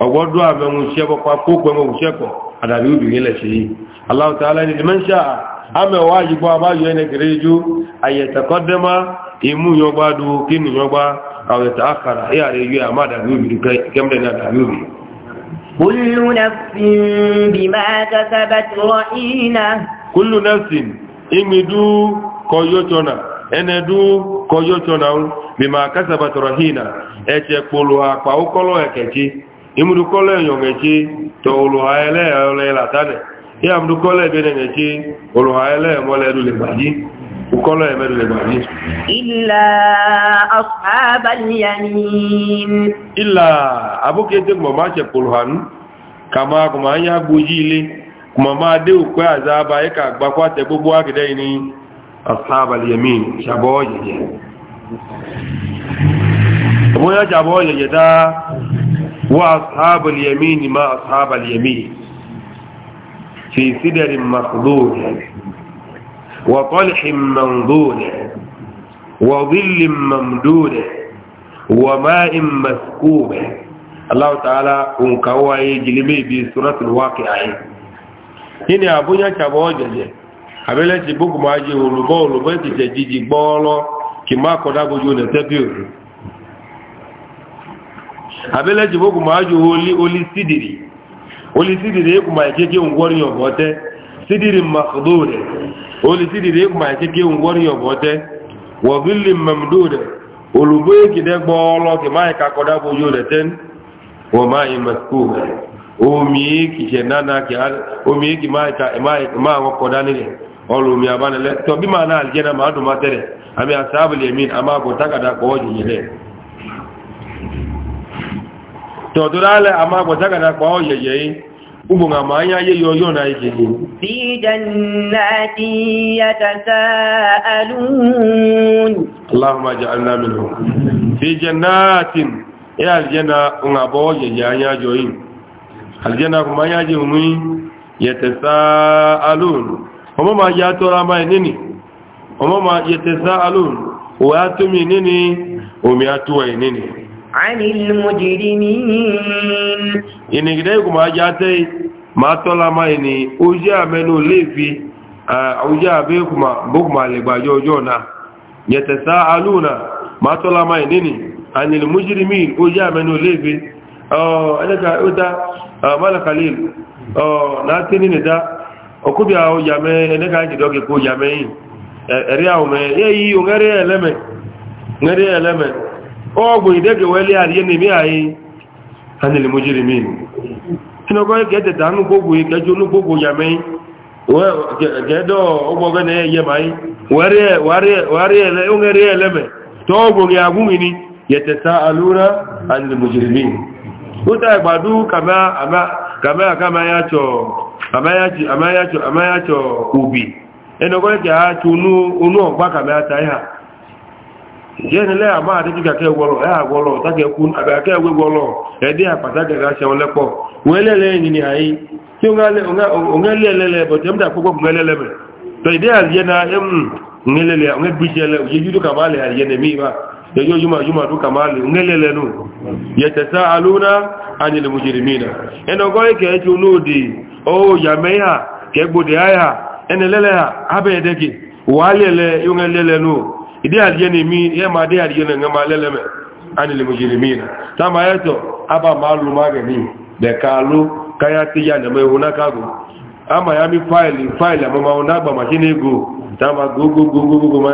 ọgwọdụ amenwuchebọkwa kokwe menwuchekọ adabi obi gelechihi alaụtaala ni dimensha amewa jigbo abayo enekere ju ayetakọdema imu yọgbadu kinu yọgba aweta akara ịghara eyu ya ma adabi obi
كل نفس بما كسبت رهينة
كل نفس imidu koyotona enedu koyotona bima kasabat rahina eche kpolu akpa ukolo ekechi imudu kolo enyongechi to ulu haele ole latane ya mudu kolo ebenenechi ulu haele mole edu lebaji ukolo emedu lebaji
illa ashabal yamin
illa abuke tegmo ma che kpolu hanu kama kuma anya gbuji ile kuma ma deu kwa azaba yaka gbakwa te gbogbo wa gidai ni ashabal yamin shabo yeye abu ya shabo yeye da wa ashabal yamin ma ashabal yamin fi sidarin makhdud wa talhin mandud wa dhillin Allah ta'ala kun kawai jilibe bi suratul waqi'ah nínú àbúyá tàbí ọ̀jẹ̀jẹ̀ àbẹ́lẹ́sì bókùnmọ́ ajé olùbọ́ olùbọ́ ìtìtẹ̀ jíjì gbọ́ọ́lọ́ kì máa kọ̀dá gbójú ọ̀nà tẹ́bí òru àbẹ́lẹ́sì bókùnmọ́ ajé olí sídìrì olí sídìrì ekùnmọ́ ìkéké ngwọ́rin ọ̀bọ̀tẹ́ sídìrì màkúdóòdẹ̀ olí sídìrì ekùnmọ́ ìkéké ngwọ́rin ọ̀bọ̀tẹ́ wọ̀gílì mẹ́mdóòdẹ̀ olùbọ́ ìkìdẹ́ gbọ́ọ́lọ́ kì máa kọ̀dá gbójú ọ̀nà tẹ́ni wọ́n máa omi kìsẹ̀ nana kì á omi kì máa ta máa wọn kọ̀ dání rẹ̀ ọlọ́ omi abánilẹ̀ tọ́ bí máa náà àlìjẹ́nà máa dùn máa tẹ́rẹ̀ àmì àsáàbìlì ẹ̀mí a máa kọ̀ tákàdá kọ́ ọ́ yìí rẹ̀ tọ́ a máa kọ̀ tákàdá kọ́ ọ́ yìí ugbò nga máa ń yáyé yọ náà ìkè ní.
bí jannati yatasaalun.
allahumma ja'alna minhum fi jannatin ya aljanna nga bo yeye anya aljanna kuma ya je mu yatasaalun omo ma ya tora ma nini omo ma yatasaalun wa tumi nini omi atuwa nini
anil mujrimin
ini gidai kuma ya tai ma tola ma ni oje amenu lefi oje abe kuma bukuma le gbajo ojo na yatasaaluna ma tola ma nini anil mujrimin oje amenu lefi Oh, ẹlẹ́ta ó dá oh, malakalil oh, láti nínú dá ọkúbí àwọn yàmẹ́ ẹnẹ́ka ìdọ́gẹ̀ kó yàmẹ́ yìí ẹ̀rí àwọn mẹ́ yẹ́yí òǹgẹ́rẹ́ ẹlẹ́mẹ̀ ọgbọ̀n ìdẹ́gẹ̀ wẹ́lẹ́ àríyẹ́ nìmí àyí hannibal mujirimi kínàkọ́ ẹ̀kẹ́tẹ̀ta nù gbogbo ìkẹjú nù gbogbo yàmẹ́ yìí gẹ́dọ̀ ọgbọ̀gbẹ́ ní ẹyẹ máa wárí ẹlẹ́mẹ̀ tó ọgbọ̀n ìyàgún ìní yẹ̀tẹ̀ta alúra and the mujirimi uta gbadu kama ama kama ya yacho kama ya ama kama ya ubi eno ko ke ha tunu unu ogba kama ya yen le ama ade ke ya wolo ta ke kun aba ke we e di apata ke ga se olepo welele ni ni ai ti o ngale o ngale lele bo tem da popo ngelele me to ide al yena em ngelele o ngebijele o yidu kama le al yayo yuma yuma duka mali ngelele nu yatasaaluna anil mujrimina eno goye ke ju lodi o yameha ke gbode aya enelele ha abedeki walele yungelele nu idi aljeni mi ye ma de aljeni leleme anil mujrimina tama yeto aba malu magani de kalu kayati ya ne mehuna mi file file mama onagba machine go tama go go go go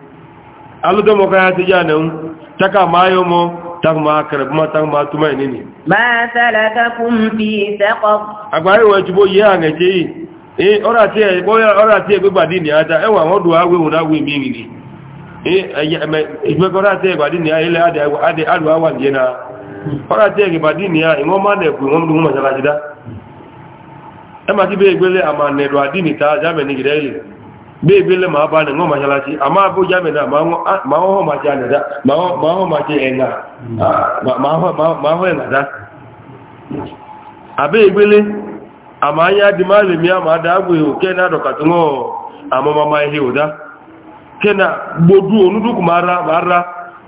aluga mo ya ti jana un um, taka mayo mo tak ma karab ma tak ma tuma ni ni
ma fi
agbari wa jibo ye an e ora ti e ya ora ti e gbadi ni e wa won awe won awe mi ni e e me ora ti e gbadi ni ile ade awa ni na ora ti e gbadi ni a won ma ne ku won du mo sala jida e ma ti be gbele amane adini ta bébé lè máa bá ní wọ́n máa ṣaláṣí a máa bó jámẹ̀ náà máa hàn máa ṣe ànàdá máa hàn máa ṣe ẹ̀nà máa hàn ẹ̀nàdá àbẹ́ ìgbélé a máa yá di máa lè mìí àmà dágbé ò kẹ́nà àdọ̀kàtí wọ́n àmọ́ máa ihe òdá kẹ́nà gbogbo onúdúkù máa ra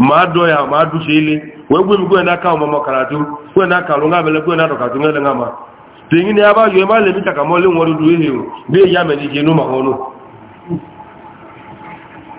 máa dọ́yà máa dú ṣe ilé wẹ́gbẹ́ mi gbẹ́nà ká ọmọ kàràtú gbẹ́nà kàrùn-ún àmẹ́lẹ́ gbẹ́nà àdọ̀kàtú mẹ́lẹ́ ń àmà tèyí ni a bá yọ ẹ má lè mí tàkàmọ́lé wọn dúdú ihe ò bí èyí àmẹ́lẹ́ ìṣẹ́ inú màá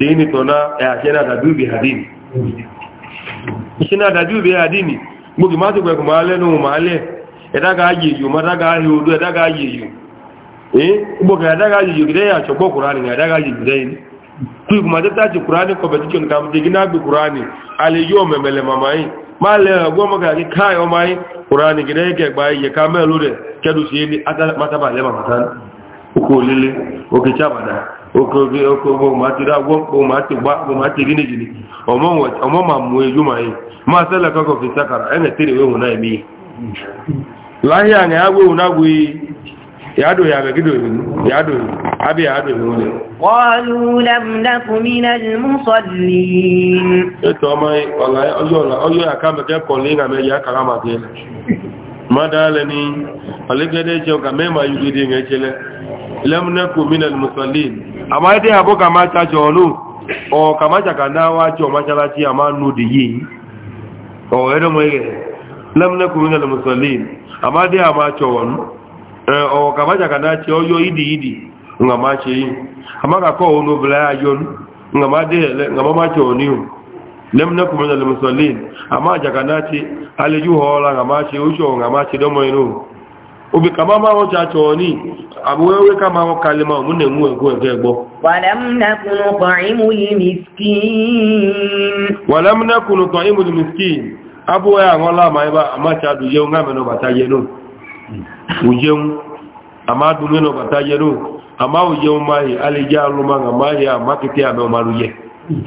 tini tona e eh, ajena da dubi hadini ishina da dubi hadini mugi matu kwa kumale no male edaga ajiyu madaga ahudu edaga ajiyu eh boga edaga ajiyu gide ya chobo qur'ani edaga ajiyu gide ni tu kuma ta ta qur'ani ko beti kam digina bi qur'ani ale yo memele mamai male go maga ki kai o mai qur'ani gide ke gbai ata mataba le mamatan ko lele o okoge okogo matiri agwọ mkpụ mati gba agwụ mati gini gini mụ eju ma yi ma sela kakọ fi ene tiri na eme yi lahia nga ya na ya do ya be gido ya do abi ya do ne
qalu lam nakum min al musallin
eto ma wallahi oyo la oyo ya ke me ya ma ke madale ni alegede lam nakum min al musallin amma dai abo kama kana wa jo masalaci amma nu de yi o edo mo ye lam nakum kana ti oyo idi idi nga ma che yi amma ka ko onu bla ayon nga ma de nga ma cho ni lam nakum min al musallin amma ja kana ti ale ju ucho nga ma che obi kama ma wọn ṣàṣọ ọ ní àbúwẹ́wẹ́ ká ma wọn kalẹ̀ ma òmúnẹ̀ mú ẹ̀kọ́ ẹ̀kọ́ ẹgbọ́.
wàlámùnákùnù tọ̀ ìmú lè
miskin abúwẹ́ àwọn láàmà ibá àmáṣàdù yẹun lámẹ́nà bàtà yẹnu òjẹun bàtà yẹnu àmáhùjẹun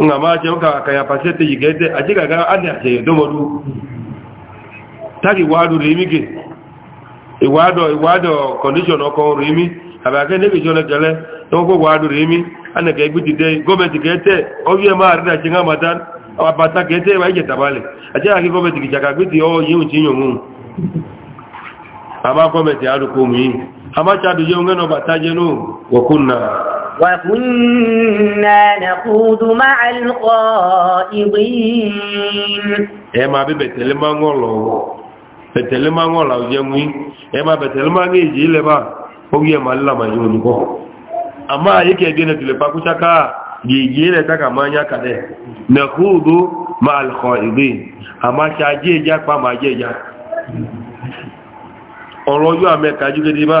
nga ma ce ka ka ya fasete yigete aje ga ga ade aje do modu tagi wadu rimike iwado iwado condition oko rimi abake ne bi jona gele to ko wadu rimi ana ga igbiti de government gete oye ma arida jinga madan abata gete wa je tabale aje ga government gi jaga gbiti o yun ti yun mu ama government aru ko mi ama chadu je ngeno bataje no wakunna
وكنا نخوض مع الخائضين
اما بتلما غلو بتلما غلو جمي اما بتلما نجي لبا ogi ma la ma yo ni ko ama yake gene tule pa ku chaka yeje le taka manya kade na khudu ma al khaidin ama chaje ja pa ma je ja oro yo ameka ju gidi ba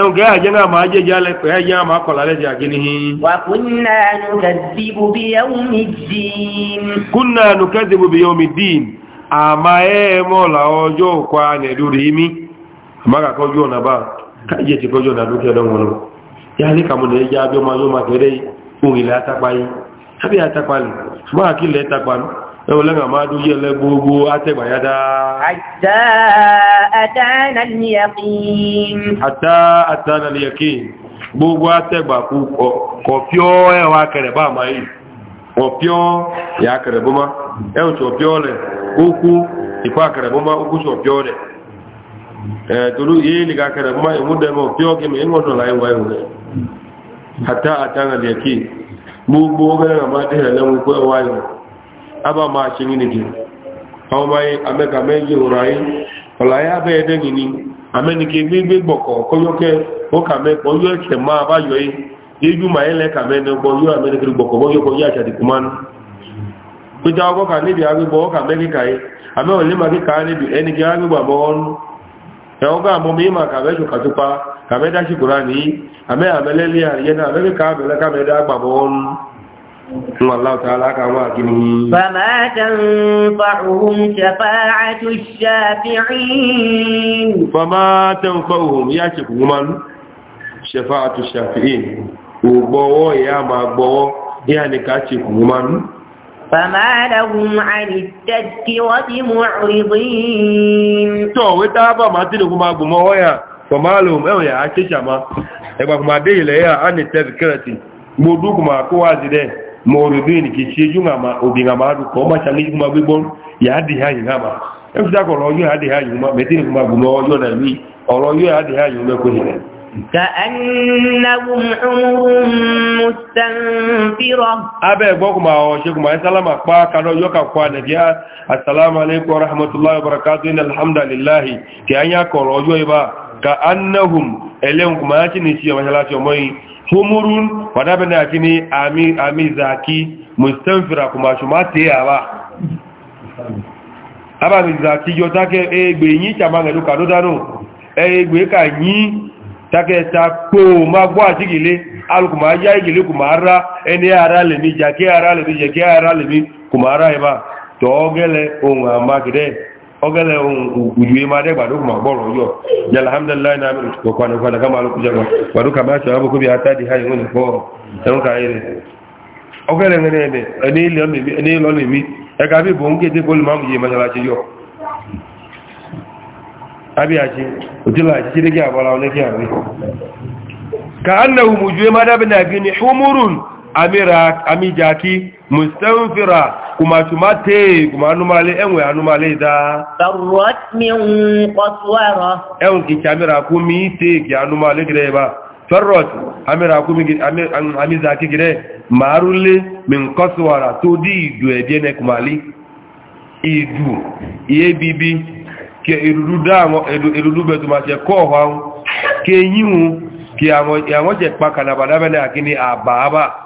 ẹ̀hùn gẹ́ àjẹ́nà àmà ajẹ́jẹ́ alẹ́ pẹ̀ ẹ̀yẹ́ àmà akọ̀lá lẹ́jẹ́ àgínihí. wà
kúnnà nùkẹ́dìbò bí yẹ́wùmí dìín.
kúnnà nùkẹ́dìbò bí yẹ́wùmí dìín àmà ẹ̀ e mọ́lá ọjọ́ òkwa nẹ̀dúrí mi àmà kàkọ́jú ọ̀nà bá káyé ti kọjú ọ̀nà dúkẹ́ dánwọ̀n lọ. yá ní kàmú ní ẹja abẹ́ ọmọ ayọ́ máa kẹ́rẹ́ ohun ilẹ̀ atápayé ẹwọ́n lẹ́gbà máa dúyẹ́ lẹ gbogbo átẹ́gbàyá dáa. àtà àtànà lèyẹ̀kí gbogbo átẹ́gbà kú kọ̀píọ́ ẹwà kẹrẹ̀ bá máa yìí ọ̀píọ́ yà kẹrẹ̀ bọ́má ẹwọ́n tí ọ̀píọ́ rẹ̀ ókú ìpá kẹrẹ̀ bọ́má ókú sí ọ̀píọ́ rẹ̀ tolú yìí lè ká kẹrẹ̀ bọ́má ìmúdẹ̀mọ̀ ọ̀píọ́ kẹmẹ̀ ìwọ̀n láyé wáyé rẹ̀ àtà àtànà lèyẹ̀kí gbogbo ọgbẹ́rẹ̀ aba ma ci ni ni aw mai ameka meji urai ola ya be de ni ni ameni ke gbe gbe gboko ko yo ke o ka me ko yo ke ma ba yo yi eju ma ele ka me ne bo yo ameni ke gboko bo yo ko ya cha di kuman ko ja ko ka ni bi agbe bo ka me ki kai ame o le ma ki ka ni bi eni ki agbe bo on e o ga mo mi ma ka be ju ka tupa ka be da shi qurani ame amele le ya ye na be ka be le ka be da gba bo ثم الله تعالى كما
فما تنفعهم شفاعة الشافعين
فما تنفعهم يا شيخ من شفاعة الشافعين وبوه يا ما بوا يعني كاتشيك من
فما لهم عن التذكرة معرضين
تو وتابا ما ما ابو يا فما لهم ايه يا شيخ ما يبقى ما دي ليا عن التذكرة مودوك ما كوازي ده mọ̀rọ̀dún kì í ṣe jùmọ̀ obìnrin àmàrù kọ́ máa ṣàlẹ́ ìgbìmọ̀ gbígbọ́n yàádì àyìn àmà ẹ̀fùsà kọ̀ ọ̀rọ̀ yóò àdì àyìn mọ́ mẹ́tí ìgbìmọ̀ gbùmọ̀ ọjọ́ náà rí ọ̀rọ̀ yóò àdì àyìn mẹ́kọ̀ ìrẹ̀ abẹ́ ẹ̀gbọ́kùnmọ̀ àwọn ṣekùnmọ̀ ẹ̀sálámà pa kanọ yọ́kà kwa nàbíyà assalamu alaikum warahmatullahi wabarakatuh inna alhamdulillahi kí a yá kọ̀rọ̀ ọjọ́ ibá ka annahum ẹlẹ́hùn e e kùnmọ̀ ya ti ní sí ọmọ ṣe láti ọmọ yìí humurun wadda bane ake ne ami zaki mustanfira kuma shi ma te yawa aba mi zaki yo take egbe eh, yin chama ngelu ka do dano egbe eh, ka yin take ta ko ma gbo atigile alukuma ya igile kuma ara eni ara le mi jake ara le mi jake ara le mi kuma ara eba to gele ohun amagide ogele ujue ma de gbadu ma boro yo ya alhamdulillah na mi ko kwanu kwanu kama lu kujago gbadu kama so abu ko bi ata di hayi woni ko tan ka ire ogele ngene ne ani le mi ani lo mi e ka bi bo nge de ko ma mu ye ma la yo abi ji de ga bala ki abi ka annahu ma da humurun amijaki mustanfira kuma tuma te kuma anumale enwe anumale da darrat min qaswara en ki kamera kumi te ki anumale amizaki gire marule min qaswara to di du edene kumali idu iye bibi ke irudu da mo irudu betu ma se ko ke yiwu ki àwọn àwọn je pa kanaba da akini ababa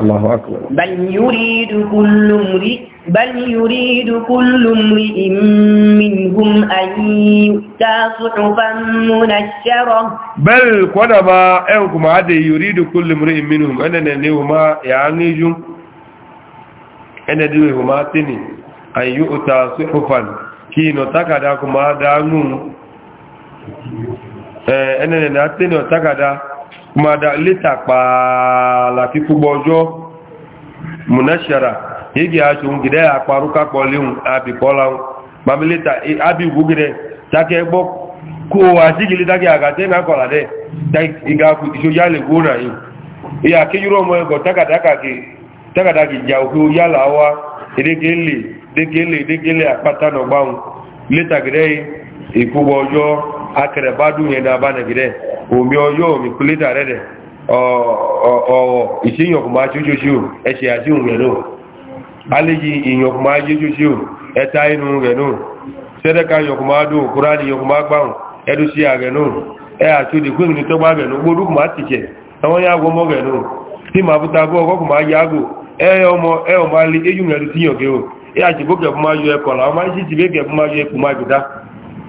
الله أكبر
بل يريد كل امرئ بل يريد كل امرئ منهم أن يؤتى صحفا منشرة
بل قدما أوكم عدي يريد كل امرئ منهم أنا نليهما يعنيجم أن دليهما تني أن يؤتى صحفا كي هذا نوم أننا نتني نتكدكما kuma da lita kpaala fi kugbo ọjọ́ munashara yege aṣo ń gidẹ àparúkà pọ̀lẹ́hùn àbìkọ́lá mami lita abìkú gidẹ takẹ́ gbọ́ kó àṣíkìlì takẹ́ àgàtẹ́ ń kọ̀lá dẹ̀ ìgá ìṣó yálẹ̀ gbóòrà yìí ìyá kéjúrọ̀ ọmọ ẹgbọ̀ takàtàkì ìjà òkú yálà wá edekele edekele edekele àpátánà gbáhùn lita gidẹ yìí ìkúgbọ ọjọ́ akẹrẹ̀bádùn yẹn dáa bá nàgìdẹ́ omi ọjọ́ omi kúlẹ́dà rẹ̀ rẹ̀ ọ̀ọ̀ ìṣíyànkùnmá ṣíṣíṣí ò ẹ̀ṣẹ̀ àti òun rẹ̀ náà alẹ́yìn ìyànkùnmá ṣíṣíṣí o ẹta inú rẹ̀ náà sẹ́dẹ̀ka ìyànkùnmá dùn kúrá ní ìyànkùnmá gbáhùn ẹdú sí ààrẹ náà ẹ àti òdìkú ìrìn tó gbá rẹ̀ náà àwọn mọ́ rẹ̀ náà tí màá bọ́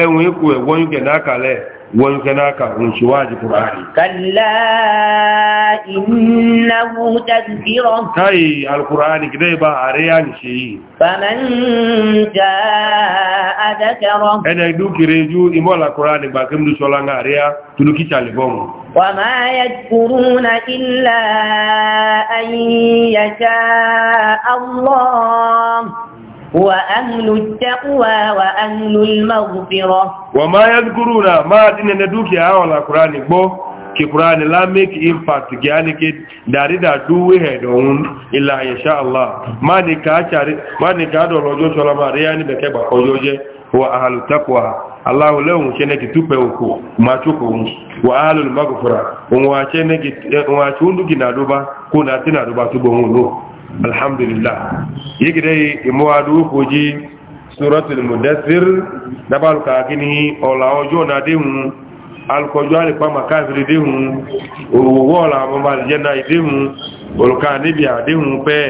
ẹ̀wọ̀n ikú ẹ̀ wọ́n yúkẹ̀ náà kàlẹ̀ wọ́n yúkẹ̀ náà kà ń ṣe wáàjì kúrò àrí.
kàlá ìnáwó tàbírọ̀.
káyì alukura ni kìdẹ́ bá ààrẹ yà ní ṣe yìí.
bàmánjà àdàkẹ́rọ̀. ẹnẹ وأهل التقوى وأهل المغفرة
وما يذكرون ما دين ندوك يا أولا قرآن بو كي قرآن لا ميك إمباكت يعني كي داري دا دوي هدون إلا إن شاء الله ما نكا ما نكا دولو جو شولا ما رياني بكي بخوجو هو أهل التقوى الله لهم شنك تبه وكو ما تكون وأهل المغفرة وما شنك وما شندك نادوبا كنا تنادوبا تبه ونو alhamdulillah yigidai imuwadu koji suratul mudassir dabal ka kini ola ojo na dehun alkojo ali pa makafiri dehun owo ola mo ba janna dehun olka ni bi adehun pe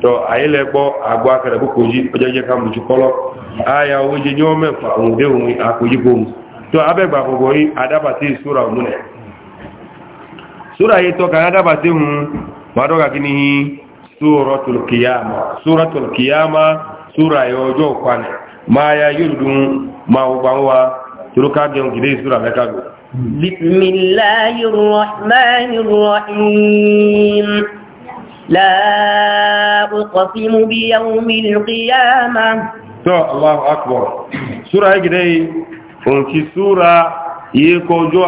to ayele gbo agbo akere bu koji ojeje ka mu jukolo aya oje nyo mefa un dehun akoji bo to abegba gogo yi adabati sura onune sura yi to ka adabati hun madoka kini suratul kiyama suratul kiyama sura yojo kwane maya yurdun ma ubanwa turuka gen gide sura meka go
bismillahir rahmanir rahim la uqsimu bi yawmil qiyamah
to allahu akbar sura gide on ki sura yeko jo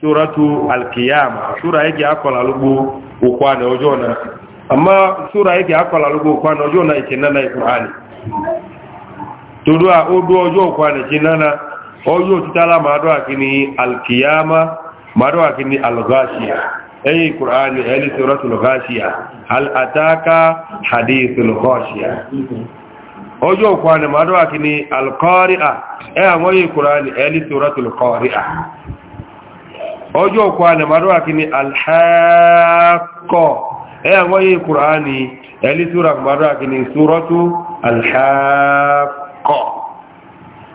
suratu alkiyama sura yake akola lugu ukwane ojona amma sura yake akola lugu ukwane ojona ikinana ikurani tudua odu ojo ukwane kinana ojo tutala mado akini alkiyama mado akini alghashiya ay qur'ani ay suratul ghashiya hal ataka hadithul ghashiya ojo ukwane mado akini alqari'a ay amoyi qur'ani ay suratul qari'a ọjọ́ ọkọ̀ alẹ́mọ̀dọ́wà kí ni alhaakọ̀ ẹ̀yà wọ́n yí kùránì ẹ̀lí súra mọ̀dọ́wà kí ni súrọ́tú alhaakọ̀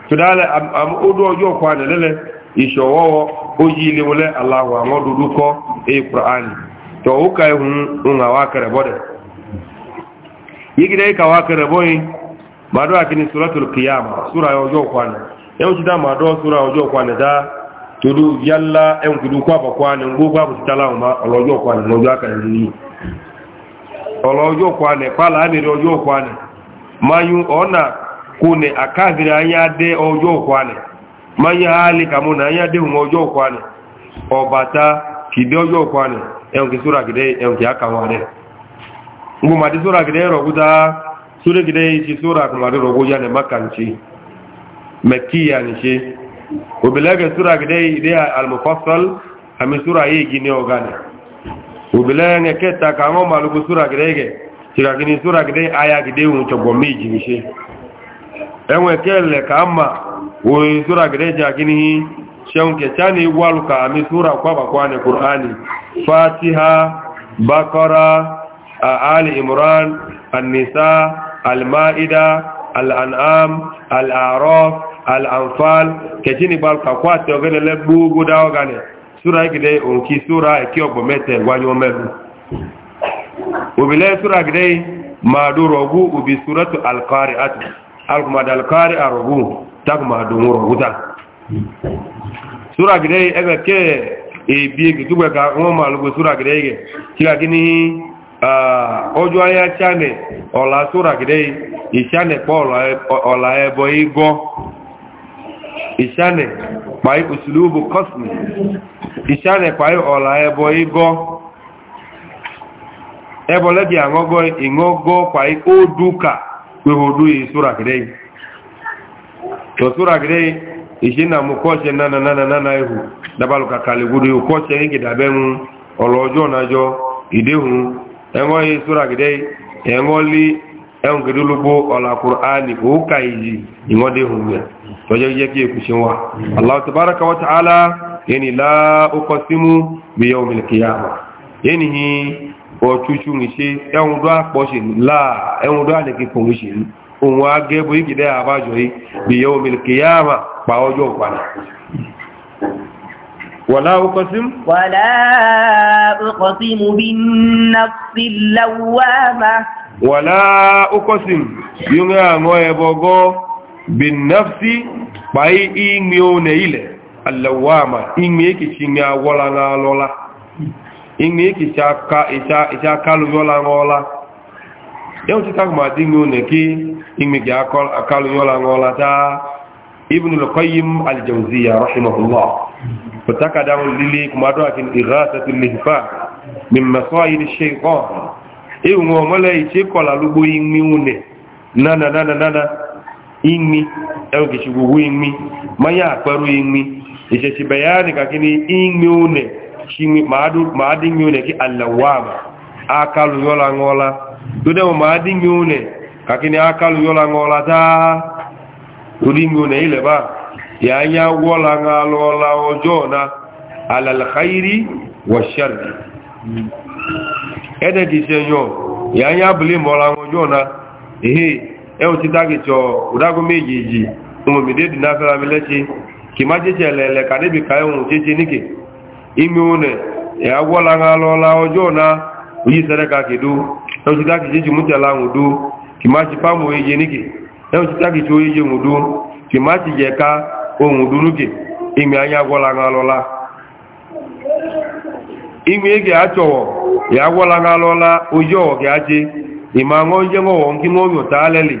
tùdálẹ̀ ọdún ọjọ́ ọkọ̀ alẹ́lẹ́lẹ́ ìṣọ̀wọ́wọ́ ó yí ilé wọlé aláwọ̀ àwọn dúdú kọ́ èyí kùránì tọ̀ ó ka ihun ń àwá kẹrẹ bọ́dẹ̀ yíkìdẹ́ ìkàwá kẹrẹ bọ́yìn mọ̀dọ́wà kí ni súrọ́tù kìyàmà súra todo yalla en kudu kwa ba kwa ne ngo kwa butala ma olojo kwa ne ngojo aka ni olojo kwa ne pala ni olojo kwa ne mayu ona kune akavira anya de ojo kwa ne mayu hali kamuna anya de ngojo kwa ne obata kidojo kwa ne en ki sura gide en ki aka wa ne ngo ma di sura gide ro guda sura gide ci sura kuma ro go ya ne makanci makiya ni ci obilege sura gide ide almufassal ami sura yi gini ogane obilege keta ka ngo malugu sura gide ge tira gini sura gide aya gide un to gomi jini she enwe kele ka ama o sura gide ja gini shan ke chani waluka ami sura kwa ba kwane qur'ani fatiha bakara ali imran an-nisa al-maida al-an'am al-a'raf al-anfal kẹtini bal kakọ àti ọgẹnẹ gbogbo dáwọ ganẹ sura gidẹ òǹkì sura ẹkí e ọgbọ mẹtẹ wáyọ mẹlu òbílẹ sura gidẹ màdó rọgú òbí suratu alkari àti alkumada alkari àrọgú takuma dùn sura gidẹ ẹgbẹ kẹ èbí kìtúgbẹ ká wọn sura gidẹ yẹ kí a kìíní ọjọ ayé sura gidẹ ìtsánẹ pọ ọlá ẹbọ yìí ìṣánẹ̀ pàí òsìlúbù kọ́sìmì ìṣánẹ̀ pàí ọ̀là ẹbọ igọ́ ẹbọ lẹ́bí àwọ́gọ́ ìngọ́gọ́ pàí ó dúkà pẹ̀họ̀dú ìṣúragidẹ́ ìṣúragidẹ́ ìṣínà mú kọ́ṣẹ́ nánà ihu dábàlù kàkàlẹ̀ gudu kọ́ṣẹ́ ní gìdàbẹ́rún ọlọ́ọjọ́ nájọ́ ìdéhùn ẹ̀ngọ́ ìṣúragidẹ́ ẹ̀ngọ́ lé ẹ̀hùn gẹ̀dúlógbó ọ̀là kùránì ó kà ìyí ìwọ́déhùn gbẹ̀ wajen yake kushin wa Allah tabaraka wa ta'ala yani la uqsimu bi yawmil qiyamah yani hi o chuchu ngishi ehun do aposhi la ehun do ale ki kongishi ohun wa ولا أقسم ولا
أقسم بالنفس اللوامة
ولا أقسم يوم يا موي binafsi kpai imi one ile alawama imi ekichi mi awola na alola imi ekichi aka icha icha kalu yola ngola yau ti ma dingu ne ki imi ga akol akalu yola ngola ta ibn al-qayyim al-jawziyya rahimahullah fataka damu lili kuma do akin ighasatul lihfa min masayid ash-shaytan e ngo mala ichi kola lugbo imi one nana nana nana inwi ekechigwugwu inwi mmanya akparu inwi ichechi bayani ka gịnị inwi une chinwi ma adị nwi une gị alawama aka lụyọla ṅụọla tụdenwe ma adị nwi une ka gịnị aka lụyọla ṅụọla taa ụdị nwi une ileba ya anya gwọla ṅalụọla ọjọọ na alalkhairi wa sharri ede gị se nyọ ya anya bụli mọla na ehe ẹ̀hùn ti dágìjọ òdágó méjèèjì omòmìdédì náà fẹ́ra mi lẹ́ṣe kì má jẹ́jẹ́ lẹ̀lẹ̀ kàdébì káyọ̀hùn jẹ́jẹ́ níkè imi ẹ̀ agbọ́la lọ́la ọjọ́ òyí sẹ́rẹ́ka ti mútẹ̀lá dó kì má ti ti dó kì má ti ohun dó níkè imi anya agbọ́la lọ́la imi ege ọla ẹ̀ agbọ́la jẹ́ ìmọ̀ kí wọ́n yọ̀ tá lẹ́lẹ̀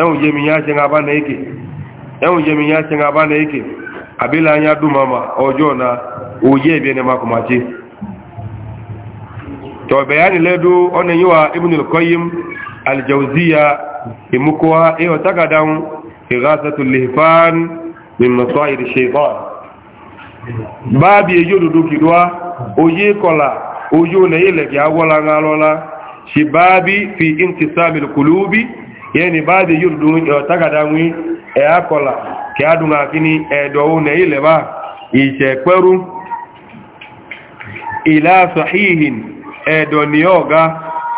ẹ̀hùn jẹ́mi yá ṣe ń abá na èkè ẹ̀hùn jẹ́mi yá ṣe ń abá na èkè àbílà anya dùmọ̀mà ọjọ́ na òye ẹ̀bí ẹni máa kùmà ṣe tọ̀bẹ̀ yá nílẹ̀ dó ọ́nà yíwa ibùn ìlkọ́yìm aljauziya ìmúkọ́wá ihò tágàdáhùn ìrásẹ̀tù lèfán mímọ̀tọ́ ìrìṣẹ̀bọ̀ báàbí fi ìntìsáàmì kùlúbí yani baadhi yurdu takadawi e akola ke adunga kini e dowu ne ile ba ise peru ila sahihin e donioga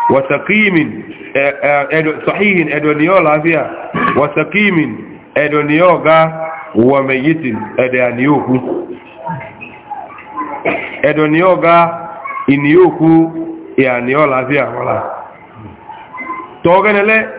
wa saqimin e sahihin e donio lafia wa saqimin e donioga ya niola lafia wala togenele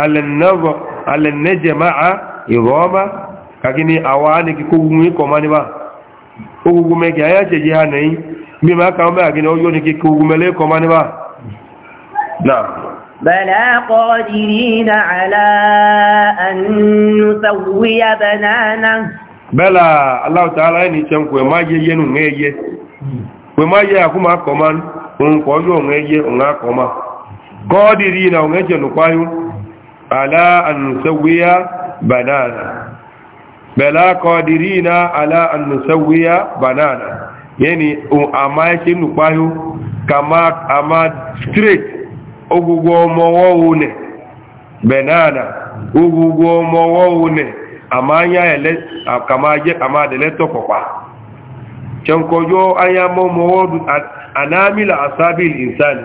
alẹ́nẹ́jẹ̀ máa ìrọ̀ ọmá ni àwọn ánìkí kógún ikọ̀ máa níbà kógún mẹ́kì ayájẹ̀ jẹ́ hàn ní bí máa kàwọn mẹ́ àkíní ọjọ́ ní kí kógún mẹ́lẹ́ ikọ̀ máa níbà
بلى قادرين على أن نسوي بنانا
بلى ala an nusawiya banana bala qadirina ala an nusawiya banana yani um amaike nupayo kama ama straight ogugwo mowo une banana ogugwo mowo une amanya ele kama je kama dele tokopa chenkojo aya momo anamila asabil insani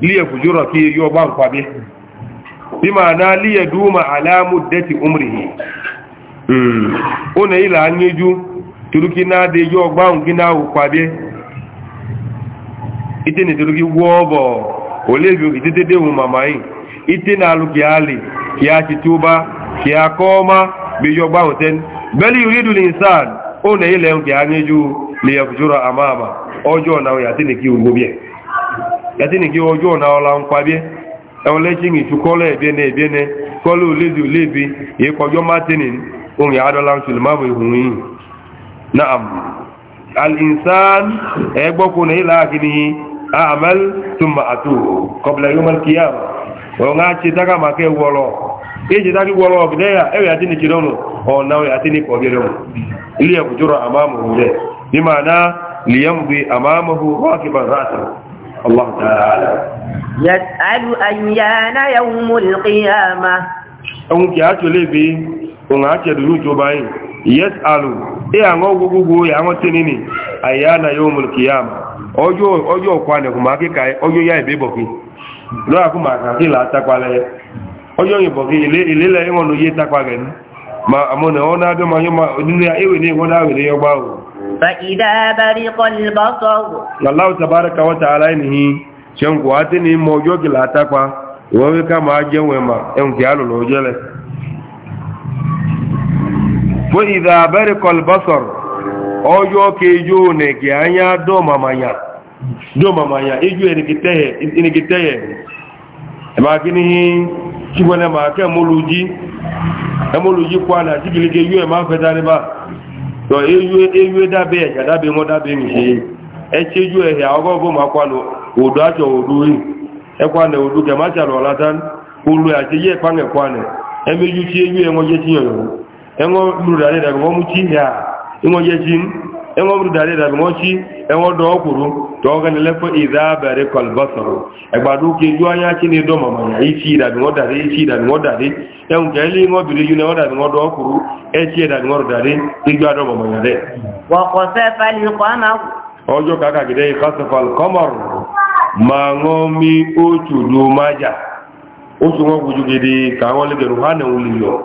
Liye fujura ki yo ba kwa be bi ma'ana liya duma ala muddati umrihi mm ona ila anyeju turuki na de yo gba un gina u kwa be ite ni turuki wo bo olebi ite de de un mama yin ite na lu ki ali ki a ti tuba ki a koma bi yo gba ten bali yuridu linsan ona ila un ki anyeju liya fujura amama ojo na o ya tele ki ugo bien yàtí nìkí ọjọ́ ọ̀nà ọlá ń pàbí ẹwọ́n lẹ́ṣin ìtukọ́lẹ̀ ẹ̀bẹ́nẹ̀ ẹ̀bẹ́nẹ̀ kọ́lẹ̀ olèdè olèbi èkọjọ́ mátìnì ohun àádọ́lá ń sùlùmá bò ìhùn yìí naam al-insan ẹgbọ́kùn ní ilá àkíní àmàl túnmà àtò kọbílẹ̀ yóò mẹ́lì kíyà wọ́n á ṣe dága máa kẹ́ wọ́lọ́ èyí dága wọ́lọ́ ọ̀gbẹ̀dẹ́yà ẹ̀rẹ̀ àti Allah ta'ala ala
yas'alu ayyana yawmul qiyamah
on ki ato lebe on ato ya àwọn tinini ayyana anyị qiyamah ọjọ́ kwane kuma ya ibe boki lo akuma kan ki la takwale ọjọ́ yin boki ile ile le won lo ye takwale ma amona ona do ma yo ma dunia ewe ni won da we le yo ba o Na برق البصر الله تبارك وتعالى نهي شن قواتني موجوك لا تقوى وهو كما جوه ما انكيال الوجل فإذا برق البصر e ma kini chibona ma ke muluji e muluji kwa na jigilege yu e dɔ eyue eyue dabe ya dabe ŋɔ dabe ŋusie etsedu ɛhɛ ma kɔ alo odo atsɔ odo yi ɛkɔ anɛ odo kɛmɛ atsɛ alɔ la ya olu ati yɛ kpa ŋɛ kɔ anɛ ɛmɛ yu tsi eyue ŋɔ yɛ lu da da mu ya e enwe bụrụ dara ịdabi nwochi enwe ọdụ ọkwụrụ tụọ ga na-elekwa ize abarị kalbasọrọ egbado anya chi na-edo mamanya ichi ịdabi nwodarị ichi ịdabi nwodarị enwe nke ele ihe obiri ju na ịdabi nwodo ọkwụrụ echi ịdabi nwodarị igbe adọ ọjọ ka aka gide ikasafal kọmọrụ ma ṅụmi otu dumaja otu nwa gwuju gidi ka ha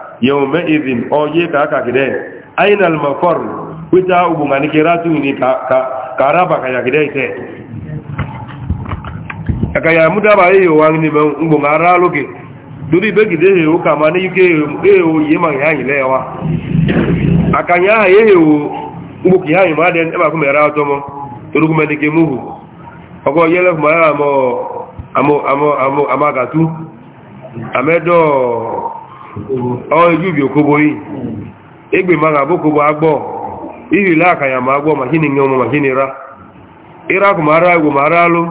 yawmaidhin oye oh, ka aka kide aina almafar wita ubungani kiratu ni ka ka karaba ka yakide ite aka ya mudaba yo wangni be ngongara loke duri be gide yo kama ni ke ma yema yanyi lewa aka nya yo mbuki yanyi ma den e ba kuma ra to mo turu kuma de ke muhu ọkọ yẹlẹ kuma ya mo amo amo amo amagatu amedo ojú bí okóbo yìí égbè máa gàbó ihi agbọ́ ìrì láàkàyà máa gbọ́ màkíní ní ọmọ màkíní ra iraku máa e ra ẹgbò e máa ra ló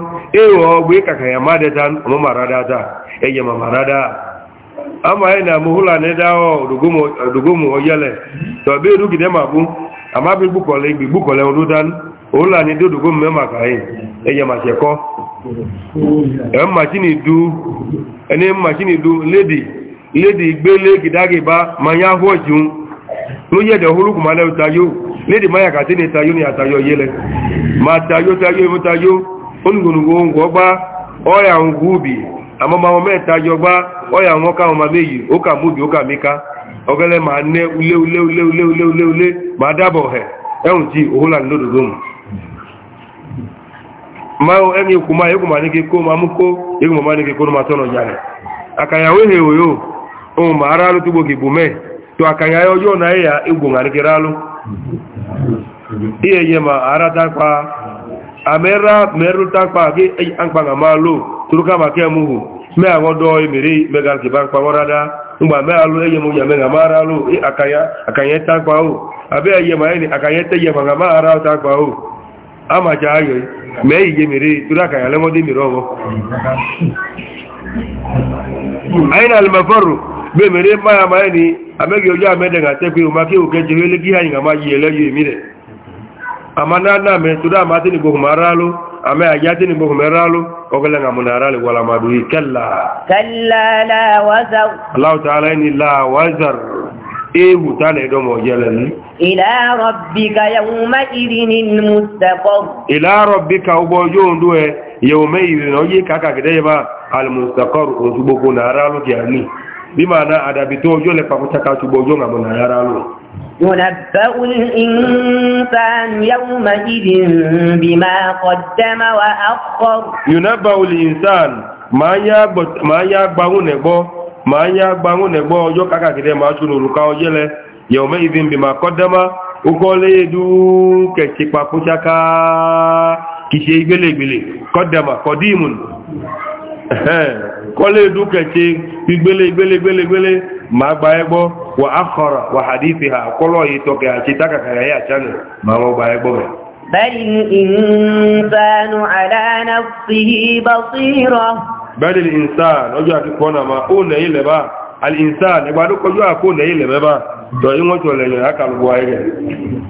ra a máa yẹn ní àmúhùlà ní dáwọ́ òdògómù ọyẹlẹ̀ tọ̀bí ìlú kìdẹ́ máa bú àmá bí ma ka e ma machini du, machini du lédi gbélé gidageba ma yá hó jùun ló yẹ̀dẹ̀ horúkù ma lẹ́rù tayó lédi ma yàkàtí ní tayó ní àtayó yẹlẹ̀ ma tayó tayó imú tayó onígbònúgbò oúnjẹ ọgbá gba àwọn gúúbì àmọ́mọ́ àwọn mẹ́tayọ gbá ọ̀rẹ́ àwọn ọkà ọmọ méjì ó kà múbi ó kà míká ọgẹ́lẹ́ ma nẹ́ ule ma dábọ̀ ẹ̀ ẹ̀hùn tí òhúlà ní lódòdó mu ma ẹni ikú ma ní kíkó ma mú kó ní kíkó ní ma tọ́nà àkàyàwó ohun ma ara ló túbò kìbò mẹ́ tó àkànyà ọjọ́ náà ẹ̀yà egbòm àríkẹrà ló iye yẹ ma ara tápa àmẹ́rà mẹ́rù tápa kí àǹpàǹgà máa lò turuka ma kẹ́ mú hù mẹ́ àwọn dọ́ ìmìrí mẹ́gà kìbà ń pa wọ́n rádá ngbà mẹ́ alo ẹ̀yẹ mú yà mẹ́gà máa rá ló àkànyà tápa ó àbẹ́ ẹ̀yẹ ma ẹni àkànyà tẹ́yẹ màgà máa rá tápa ó àmàjà ayọ̀ mẹ́ ìyẹ mìrí turuka àkànyà lẹ́mọ́dé mìíràn wọ́ aina almafaru gbẹ̀mẹ̀rẹ̀ máa máa ní amẹ́gì ojú àmẹ́dẹ̀gà tẹ́ pé òmá kí ò kẹ́ jẹ́rẹ́ lẹ́gí àyìn àmá yìí ẹlẹ́yìn èmì rẹ̀ àmá náà mẹ́ tó dáa máa tí ní gbogbo ara ló àmẹ́ àjá tí ní gbogbo ara ló ọgọ́lẹ̀ àmúnà ara lè wà lámàdù yìí kẹ́là ewu òṣùgbogbo nà ara lókè àní bí máa ná àdàbí tó ọjọ́ lẹ́pàá fún chaka ṣùgbọ́ ọjọ́ àmọ́ náà yára insan, ينبأ
الإنسان يومئذ بما قدم وأخر
ينبأ الإنسان máa yá gbáhùn nẹ̀gbọ́ máa yá gbáhùn nẹ̀gbọ́ ọjọ́ kàkàkìdẹ máa ṣùn òrùka ọjẹ́lẹ̀ yẹ̀wọ̀mẹ́ ìdí mbì máa kọ́dámá ogọ́ pa kẹ̀kì pàkúṣáká kìí ṣe igbélégbèlè kọ́dámá kọ́díìmù kọ́lé dúkẹ̀tì gbígbélé gbélé gbélé gbélé máa gba ẹgbọ́ wà á kọ̀rọ̀ wà hadithi ha kọ́lọ̀ yìí tọkẹ̀ àti tákàkàrà yà chánù máa wọ́n gba ẹgbọ́ rẹ̀.
bẹ́ẹ̀ni ìnsánù àdáná sí basírọ̀.
bẹ́ẹ̀ni ìnsán ọjọ́ àti kọ́nà máa ó nẹ̀ ilẹ̀ bá alìnsán ìgbà tó kọjú àkó nẹ̀ ilẹ̀ bá dọ̀ yí wọ́n tọ̀ lẹ̀yìn àkàlùbọ̀ ayẹyẹ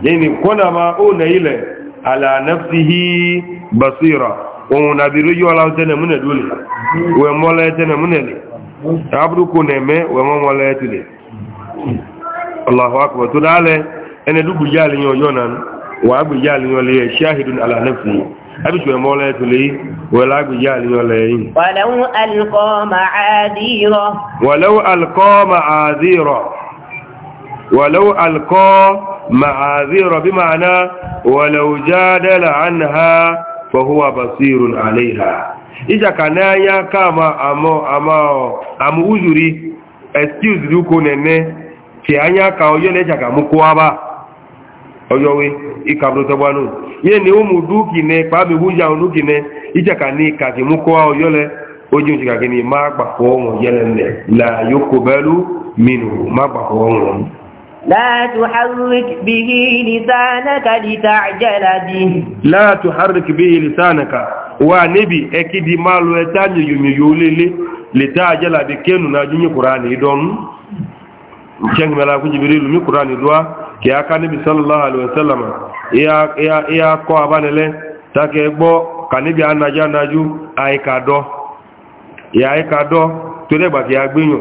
yìí ni kọ́nà máa ó nẹ̀ ilẹ̀ àlànà sí basírọ̀ ohun nabiru yi ọla tẹ́nẹ̀ múnẹ̀ lónìí wẹ̀ mọ́lẹ̀ tẹ́nẹ̀ múnẹ̀ lè abúrúkú nẹ̀mẹ́ wẹ̀ mọ́mọ́lẹ̀ tẹ́lẹ̀ allahu akbar tó dálẹ̀ ẹni dúgbù yà lè ولو جادل عنها fahuwa basirun alaiha ija na-anya ka ama ama excuse di uko nene anya ka oyo leja ka ba oyo we ikabro to ni umu duki ne pa mi buja unuki ne ni ka ki mu kwa oyo ni ma pa ko yele ne la yukubalu minhu ma pa ko
لا تحرك به لسانك لتعجل
به لا تحرك به لسانك ونبي اكيد مالو اتاني يمي يوليلي لتعجل بكنو ناجي قران يدون كان ملاك جبريل مي قران دوا كي اكا نبي صلى الله عليه وسلم يا يا يا كو ابانله تاكي غبو كانبي انا جاناجو اي كادو يا اي كادو تولي باكي اغبيو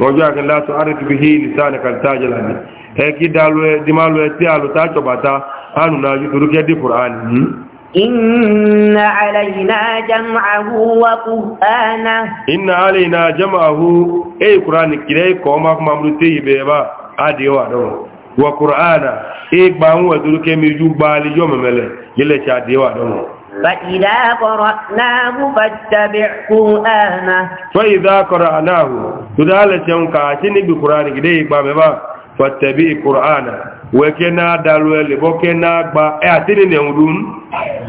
وجاك لا تحرك به لسانك لتعجل به a dimalu a aluta achọpata anu na yuturu ke di qur'an hmm?
inna alaina jam'ahu wa qur'ana
inna alaina jam'ahu eyi qur'an kire ko kuma mruti ibe ba adewa do wa qur'ana e gba nwe duru ju memele
فإذا قرأناه فاتبع قرآنه
فإذا قرأناه يوم كاتني بقرآن كده يبقى fatabi qur'ana a na dalu elebo ke na agba e atini ne udun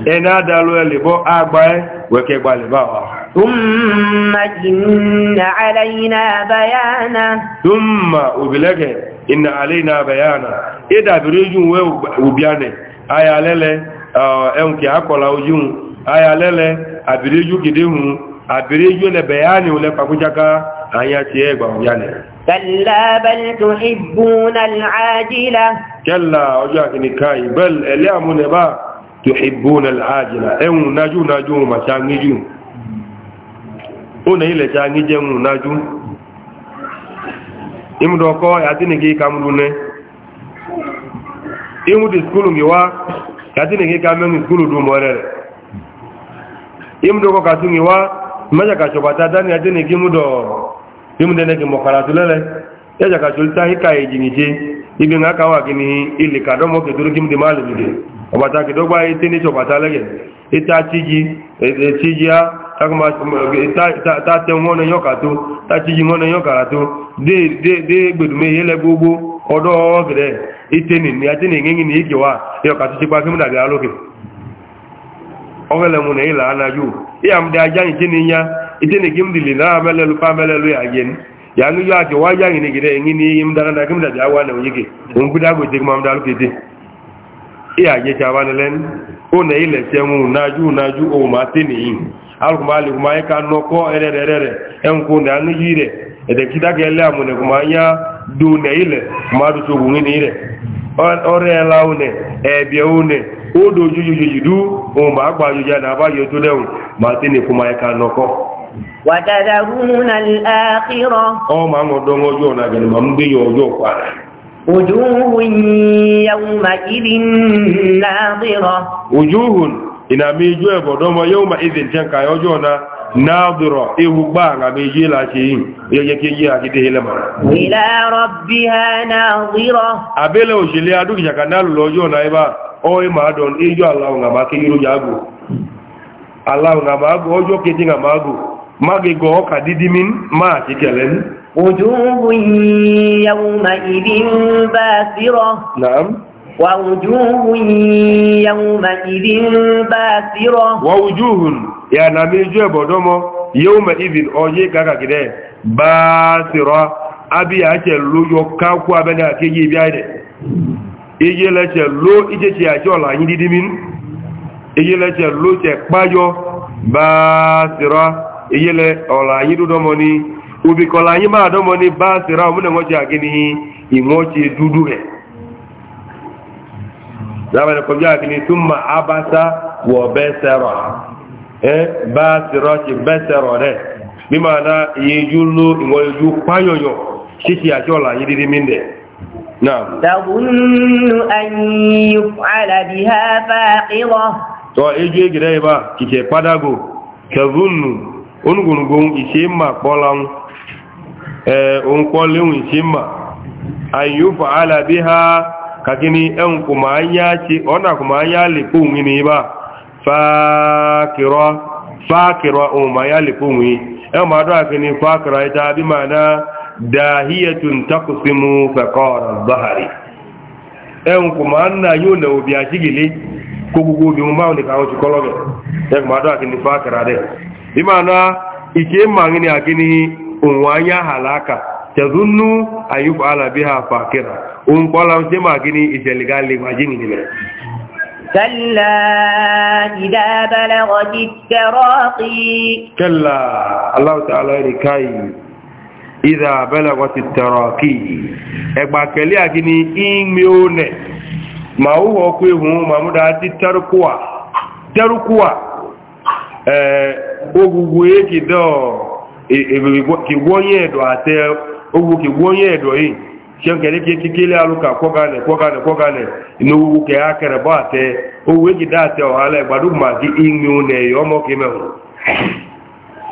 ẹ e, na dalu elebo agba e weke gba leba wa
thumma inna alaina bayana
thumma ubilege inna alaina bayana ida e biriju we ubiane aya lele uh, enke akola ojun aya lele abiriju gidehun ayati e gba yani
kalla bal tuhibbuna al'ajila
kalla ojo kini kai bal eliamu ne ba tuhibbuna al'ajila en naju naju ma changiju ona ile changije mu naju imdo ko yatini ki kamrune imu di skulu ngiwa yatini ki mmejaka chọbata dani adị na gị mụdọ imudene gị mọkara tụlele ejaka chọlita hika ejiniche ibe nga kawa gị n'ihi ili ka dọmọ kedoro gị mdị mmadụ bide ọbata kedo gba ite ni chọbata lege ita chiji chiji ya ta te nwono yo kato ta chiji nwono yo karato de de de gbedume yele gbogbo ọdọ ọgẹrẹ ni ni adị na enyengi na ikewa yo kato chikpa gị ogele mu na ila anaju ya mde ajanyi chini nya itene na melelu pa melelu ya yen ya nu ya ke ni gire ngini imda na kimda ja na uyike unguda go te mamda lu kete ya je cha wa len o na ile chemu naju naju ma tini yin alu ma ka no ko ere ere ere en ku na nu yire ede kida ke le amune kuma ya odo ojujujuju du ohun ma gba na abayo to dẹ̀hùn ma ti ní kuma ẹka nọkọ.
wàtàdàrúnà àkírọ.
ọ máa ń ọdọ ọjọ́ ọ̀nà àgbẹ̀ni máa ń gbé yan ọjọ́ ọ̀pá rẹ̀.
ojúhun yẹun
ọjọọ oye ma don ejo allah nga ma ke yuru jago allah nga ma go ojo ke tinga ma go ma ge go ka didimin ma ti kelen wujuhu
yawma idin basira na'am ووجوه يومئذ باسرة
ووجوه يا نبي جو بدمو يومئذ اوجي كاكا كده باسرة ابي اجل لو يكاكو ابدا iyeleche lo ichechi achi ọla anyị didimin iyeleche loche kpayo basira iyele ọla anyị dudomoni ubikọla anyi ma ni adomoni basira omuna ni. agini inwochi dudu he dabere kọjá agini tumma abasa wọ bẹsẹrọ ẹ basira ti bẹsẹrọ rẹ bí ma na iyeju lo ìwọ̀n iyeju kpayoyo ṣíṣe àti ọ̀la anyi didi mi nìyẹn نعم
anyị أن يفعل ha فاقرة
to eje gire ba kike padago tazunnu ongungun isimma kolan eh on kolin isimma ayufa ala biha kakini en kuma anya ci ni o ma ya le kunwi en dahiyatun takusimu fẹ̀kọ́ọ̀rọ̀ zahari ẹ̀hùn kò máa ń náà yóò nà òbí àṣígìlé kó gbogbo obì mú máa nìkan oṣù kọlọ́gẹ̀ ẹ̀kùn máa dáàkì ní fàákàrà rẹ̀ ìmáàná ìṣe màáyí ni àkíní òun anya hàlákà tẹ̀zúnú àyùkọ̀ alábí ha fàákìrà òun pọ́lá ń ni ìṣẹ̀lẹ̀gá lè wájí nìyẹn
كلا إذا بلغت التراقي
كلا الله تعالى ركاي idha balagati taraki egba kele agini imi one ma uho kwe hu ma muda ti tarkuwa tarkuwa eh ogugu eki do e, e, e, ki wonye do ate ogugu ki wonye do yi shenkele ki kikile aluka kogane kogane kogane ogugu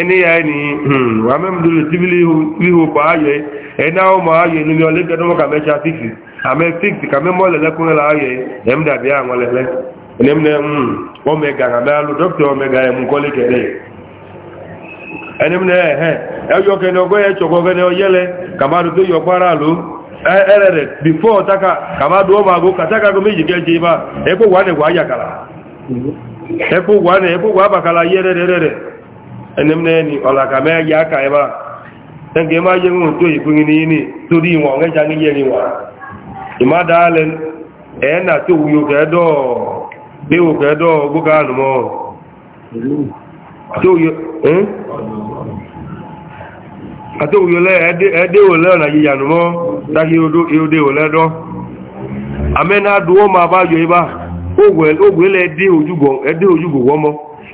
ẹni ya ni amẹ́mdúlù tíbílì ihu pa ayẹ ẹni àwọn ọmọ ayẹ ní ọlẹ́ gẹ́dọ́mọ́ kà mẹ́ṣà fíkì àmẹ́ fíkì kà mẹ́mọ́ lẹ́lẹ́kùnrin la ayẹ ẹ̀mdàbí àwọn lẹ́lẹ́ ẹnìmẹ́ ọmẹgà àmẹ́ alù dókítà ọmẹgà ẹ̀mú kọ́lé kẹ́lẹ́ ẹnìmẹ́ ẹ̀hẹ́ ẹyọ kẹ́ni ọgọ́ ẹ̀ tsọ̀kọ́ kẹ́ni ọyẹ́lẹ́ kàmádu tó yọ kpara taka ọmọ kàtàkà kó méjì ẹni mìíràn ni ọ̀làkà mẹ́rin yà áka ẹ máa ẹnkẹ́ máa yẹ wọn tó ìpín ní ní torí ìwọ̀n ọ̀gẹ́jà ní yẹ ìwọ̀n ìmádàálẹ̀ ẹ̀ẹ́nà tó wuyo kẹ́ẹ̀dọ́ léwò kẹ́ẹ̀dọ́ gbóga ànùmọ́ àti òwúyọ ẹ̀ẹ́dẹ́wò lẹ́ọ̀nà yìí yànùmọ́ dákí àdúwọ́ bá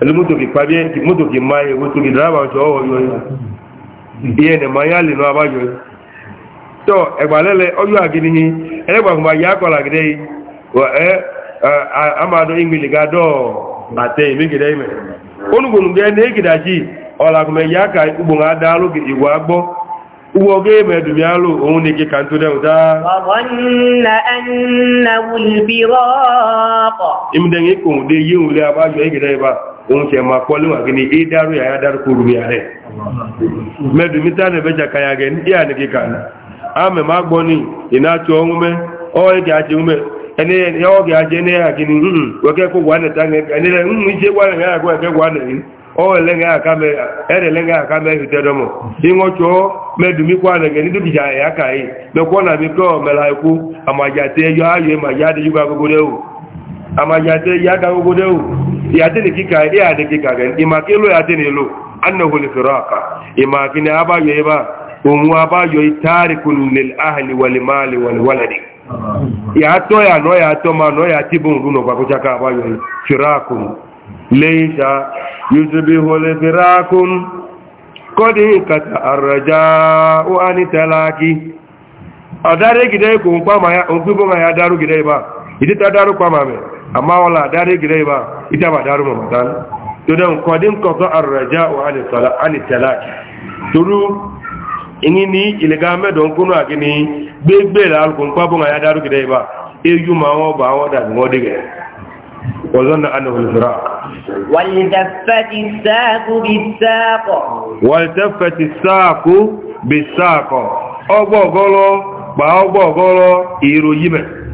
elimotoki kpadie motoki maye wotoki draba ọjọ ọwọ yọ ya iye ne ma ya lenu aba yọ ya tọ ẹgbalẹlẹ ọjọ agidi hi ẹlẹgbàgbọmọ ayé akọlà gidi yi ẹ amadu ingili ga dọ bàtẹ ìmígidẹ imẹ onugbonu gẹ ọla ya ka ugbonu adalu ìwà gbọ Uwọ gẹ́ mẹ́dùmí òun ní kíkà tó dẹ̀ kò
abájọ́
ìbá. oúnjẹ ma kọlùwà gini ìdárò yàyà dárúkú rú yà rẹ̀ mẹ́dù mítà nẹ̀ bẹ́jà kàyà gẹ̀ ní ìyà ní kíkà ní àmì má gbọ́ ní iná tó ọ̀hún mẹ́ ọ̀ẹ́gẹ̀ ajé ọ̀hún mẹ́ ẹni ọ̀gẹ̀ ajé ní ẹ̀yà gini wọ́kẹ́ kó wà nẹ̀ tán ẹni rẹ̀ ń ṣe wà nẹ̀ ẹ̀yà kó wà nẹ̀ yìí ọ̀rẹ̀ lẹ́gẹ̀ àká mẹ́ ìtẹ́dọmọ̀ ìwọ́n tó mẹ́dù mí kó ànẹ̀gẹ̀ kàyè nà ikú àmàjà ama yate yaga gogodewu yate ne kika ya e de kika gen ima kilo yate ne lo annahu li firaqa ima kine aba yo iba umu aba yo itarikun lil ahli wal mali wal waladi ya to ya no ya to ma no ya tibun runo ba ko chaka aba yo firaqun laysa yuzbihu li firaqun qad kata arja'u an talaki adare gidai ko pa ma ya o gbo ma ya daru gidai ba idita daru pa ma me amma wala dare gidai ba ita ba daru mamadan to dan kwadin qada ar wa an sala an talaq turu ini ni ilega don kunu agini gbegbe la alkun pa bo ya daru gidai ba eyu ma won ba won da won de وظن أنه الفراق
والتفت
الساق بالساق والتفت الساق بالساق أبو غلو بأبو غلو إيرو يمن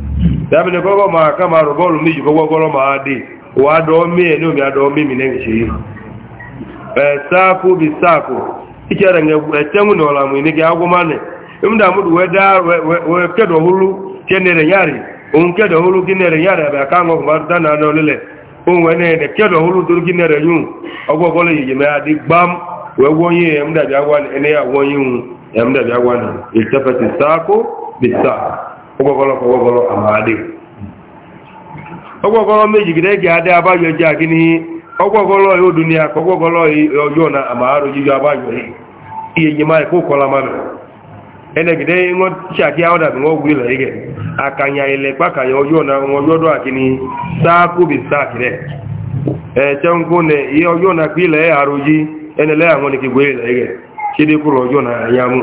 dabele gogo ma kama robolu mi ju gbogbo golo ma adi wa do mi e no mi ado mi mi ne e eh, bi saku ikere nge etengu eh, no la mu ni ga agoma ne imda mudu we wee we kedo hulu kenere yari un kedo yari ka lele we ne de kedo hulu dur kinere yun ogo golo yi me adi we wonye ya bi agwa ne ya wonye un ya bi agwa ọgbọ̀gọ́lọ́ ọgbọ̀gọ́lọ́ àmàádé ọgbọ̀gọ́lọ́ méjì gidẹ́ gẹ̀ adé abájọ jẹ́ àkíní ọgbọ̀gọ́lọ́ yóò dún ní akọgbọ̀gọ́lọ́ ọjọ́ na àmàárò jíjọ abájọ iye yìmá ẹ̀kọ́ kọlá máa mẹ́rẹ̀ ẹnẹ gidẹ́ wọ́n ṣàkí àwọn àbí wọ́n wúlẹ̀ ẹgẹ̀ àkànyà ilẹ̀ pàkànyà ọjọ́ na ọjọ́ dọ́ àkíní sáàkóbì sáàkìrẹ̀ ẹ̀ẹ́tẹ́ ń kó nẹ iye ọjọ́ na pílẹ̀ àròjí ẹnẹlẹ́ àwọn nìkìgbé ilẹ̀ ẹgẹ̀ ṣédékúrò ọjọ́ na àyàmù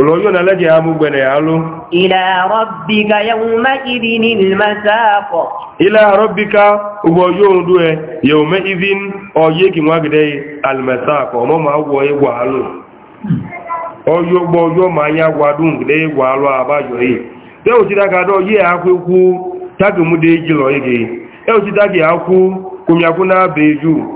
olóyún náà lẹ́jẹ̀ amúgbẹ̀nẹ̀ aló.
ìlà rọ́bìkà yẹ̀wùmẹ́ ìdí ní
ìlmẹ́sàkọ̀. ìlà rọ́bìkà ugbọ yóò ẹ yẹ̀wùmẹ́ ìdí ọyẹ́ kí wọ́n gẹ̀dẹ̀ ọmọ máa wọ ẹwà aló. ọyọ́ gbọ́ ọyọ́ máa yá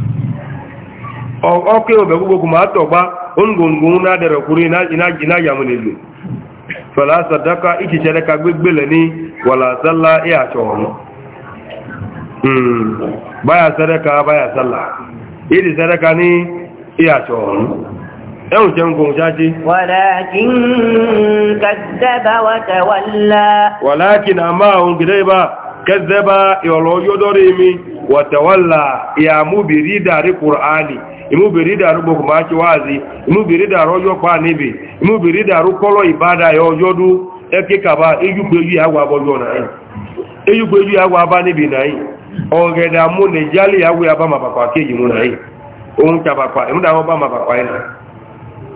ọkọ̀ ẹ̀wọ̀ gbogbo kò máa tọ̀gbá oúngbòǹgbò náà dẹ̀rẹ̀ kúrò iná yàmù nílò fẹ̀lá sàdákà ìkìṣẹ́lẹ́ka gbégbélẹ̀ ní wàlàsálà ìhàṣọ̀ ọ̀run báyà sẹ́dẹ́ka báyà sálà ìdí sẹ́dẹ́ka ní ìhàṣọ̀ ọ̀run ẹ̀hùn jẹun kò ṣáájí wàlákin àmà òun gidẹ́ bá kẹ́zẹ́bá ìọ̀lọ́ yóò dọ́rí kùránì imubiri daru gbogbo ma ci wazi imubiri daru ojo pa nibi imubiri daru kolo ibada ya ojo du eke kaba eyugbeju agwa abojo na yi eyugbeju agwa aba nibi na yi ogeda mu ne jali agwa ya ba ma papa keji mu na yi ohun ta papa emu da won ba ma yi na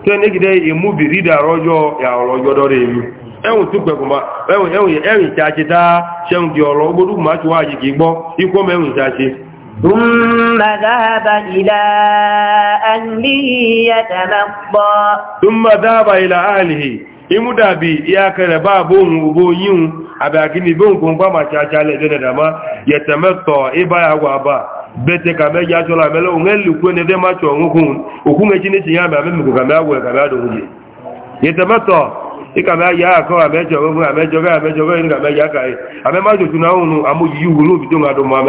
te ne gide imubiri daru ojo ya ojo dore yi ẹ̀wùn tó pẹ̀kùn bá ẹ̀wùn ẹ̀wùn ẹ̀rìn ìtàṣe dáa ṣẹ́hùn di ọ̀rọ̀ ogbódùgbò máa ti wáyé kìí gbọ́ ikú ọmọ ẹ̀rìn ìtàṣe ثم
ذهب إلى أهله يتمطى
ثم ذهب إلى أهله imudabi ya kare ba bohun uboyin abakini kun ba ma chacha le dama yetameto iba ya gwa ba bete ka me ya chola mele o ngeli ku ne de ma cho ngukun okun eji ni tiyan ba me ka ka ba do ya ko a me a me jo ga me jo ga ni ka ya kai a me ma jo tunawo nu amu yiwu lu bi do ngado ma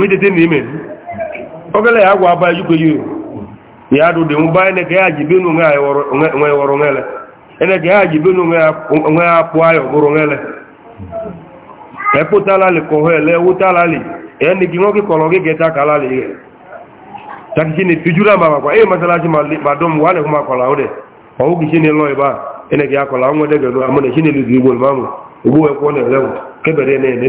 méjèèjì ní ìmẹ̀ ọgẹ́lẹ̀ àgbà abá ẹjúkọ yìí ìyá àdúdè ń bá ẹnẹ̀kẹ́ àjìbínú ẹ̀wọ̀rọ̀ ńẹ́lẹ̀ ẹnẹ̀kẹ́ àjìbínú ẹ̀apọ̀ ayọ̀gbọ̀rọ̀ ńẹ́lẹ̀ ẹ̀pótálálì kọ̀ọ̀ ẹ̀lẹ́ owótálálì ẹnìkí wọ́n kí kọ̀lọ̀ gẹ́gẹ́ tákàlálì rẹ̀ takisi ni fijura ma kwa e masalaji ma dom wale kuma ene ma akola ngode gelo amone shine lu zibol mamu ubu e ko ne lewo kebere ne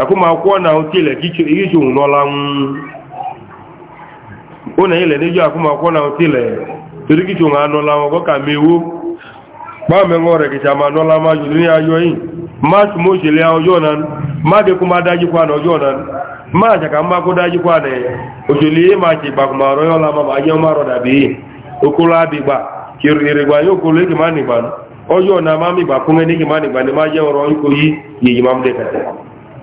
akụma akwụkwọ na hotele igichi onwu n'ọla nwu na ile n'eju akụma akwụkwọ na hotele torí gichi onwu anụla nwu ọgọ ka mewo gbaome ṅụọ regicha ma anụla ma jụrụ ni ajọ yi mmasị m ochele ya ọjọọ na mmadụ ekwuma adajikwa na ọjọọ na mmasị ka mmakụ dajikwa na ochele ihe machi gbakwụma rọ ya ọla ma ma anya ọma rọdabeghị okolo abịgba kirigba ya okolo ekema na igba ọjọọ na amamigba kwụnye n'ekema na igba na ma jẹ ọrọ ikoyi yeyimamdekata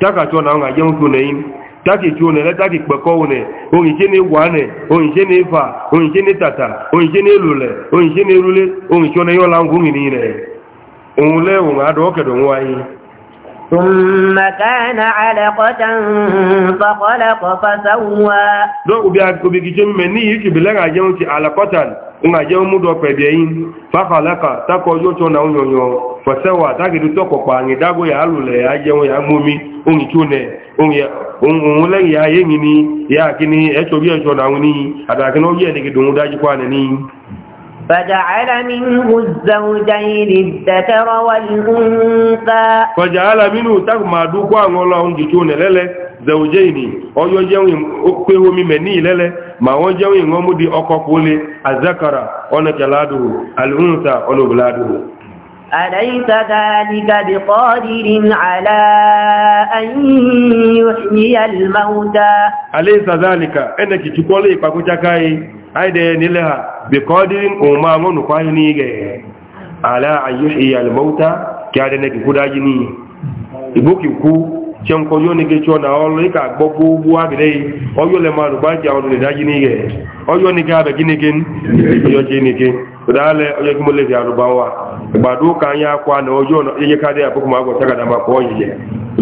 taka na nga jẹun tún nẹyìn taki tí ó nẹ lẹ́tàkì pẹ̀kọ́ ònẹ̀ òyìnṣẹ́ ní wàánẹ̀ òyìnṣẹ́ ní ìfà òyìnṣẹ́ ní tàtà òyìnṣẹ́ ní èlòlẹ̀ òyìnṣẹ́ ní erúlé òyìnṣẹ́ ní yọ́la ń gúnmìnì rẹ̀ òun lẹ́ òun àdọ́ọ̀kẹ̀dọ̀ wáyé obi gie ime n'ihi ichebeleghaje nwochi alakata nha je mkpe dieyi paa alaka taka ozọ chọ na nwunye onyo fatewa dag tọkpọkpa anyị dago a a lụle aenw ya mme onye cheye oweleg ya eyiya ya ki i echọgh chọna nwe n'ii adakịna obi e dagdo nwụdị ajikwa anya n'ihi
فجعل منه الزوجين الذكر والأنثى
فجعل منه تغمى دوكو أن الله أنجتون لله زوجين أو يجوين أكوه ممني لله ما وجوين ومدي أكوكولي الذكر ونكلاده الأنثى ونبلاده
أليس ذلك بقادر على أن يحيي الموتى
أليس ذلك أنك تقولي فكتكاي aide nile ha bi qadirin umma ngonu kwani ni ge ala ayyuhi al mauta kya de na kudaji ni ibuki ku na olo ka gbogbo bu agire oyo le maru ba ja olo n ni ge oyo ni ga be gini gen oyo je ni gen dale oyo ki mo ba wa gbàdú kan yá kó àná ojú ọ̀nà yẹyẹ káde àbúkù máa gbọ̀ sákàdá máa kọ́ yẹyẹ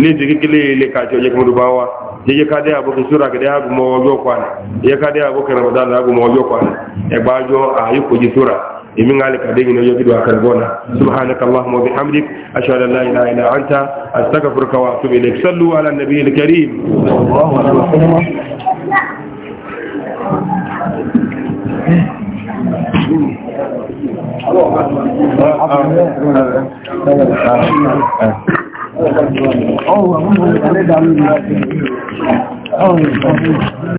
léèdè kékeré ilé kàtí ọjọ́ kí mo dùbà wá yẹyẹ káde àbúkù sóra kẹdẹ àgùmọ̀ ọjọ́ kọ́ àná yẹyẹ káde àbúkù rẹ̀mọ̀dá àná àgùmọ̀ ọjọ́ kọ́ àná ẹgbà àjọ àyíkòjì sóra èmi ń alẹ́ kàdé yìí ọjọ́ kí dùn àkàlùbọ̀ náà subhanaka allahumma bihamdik ashhadu an la ilaha anta astaghfiruka wa atubu ilayk sallu ala nabiyil karim Thank you. Ọ̀rọ̀ àwọn ọmọ ẹ̀dá lórí ọ̀rọ̀.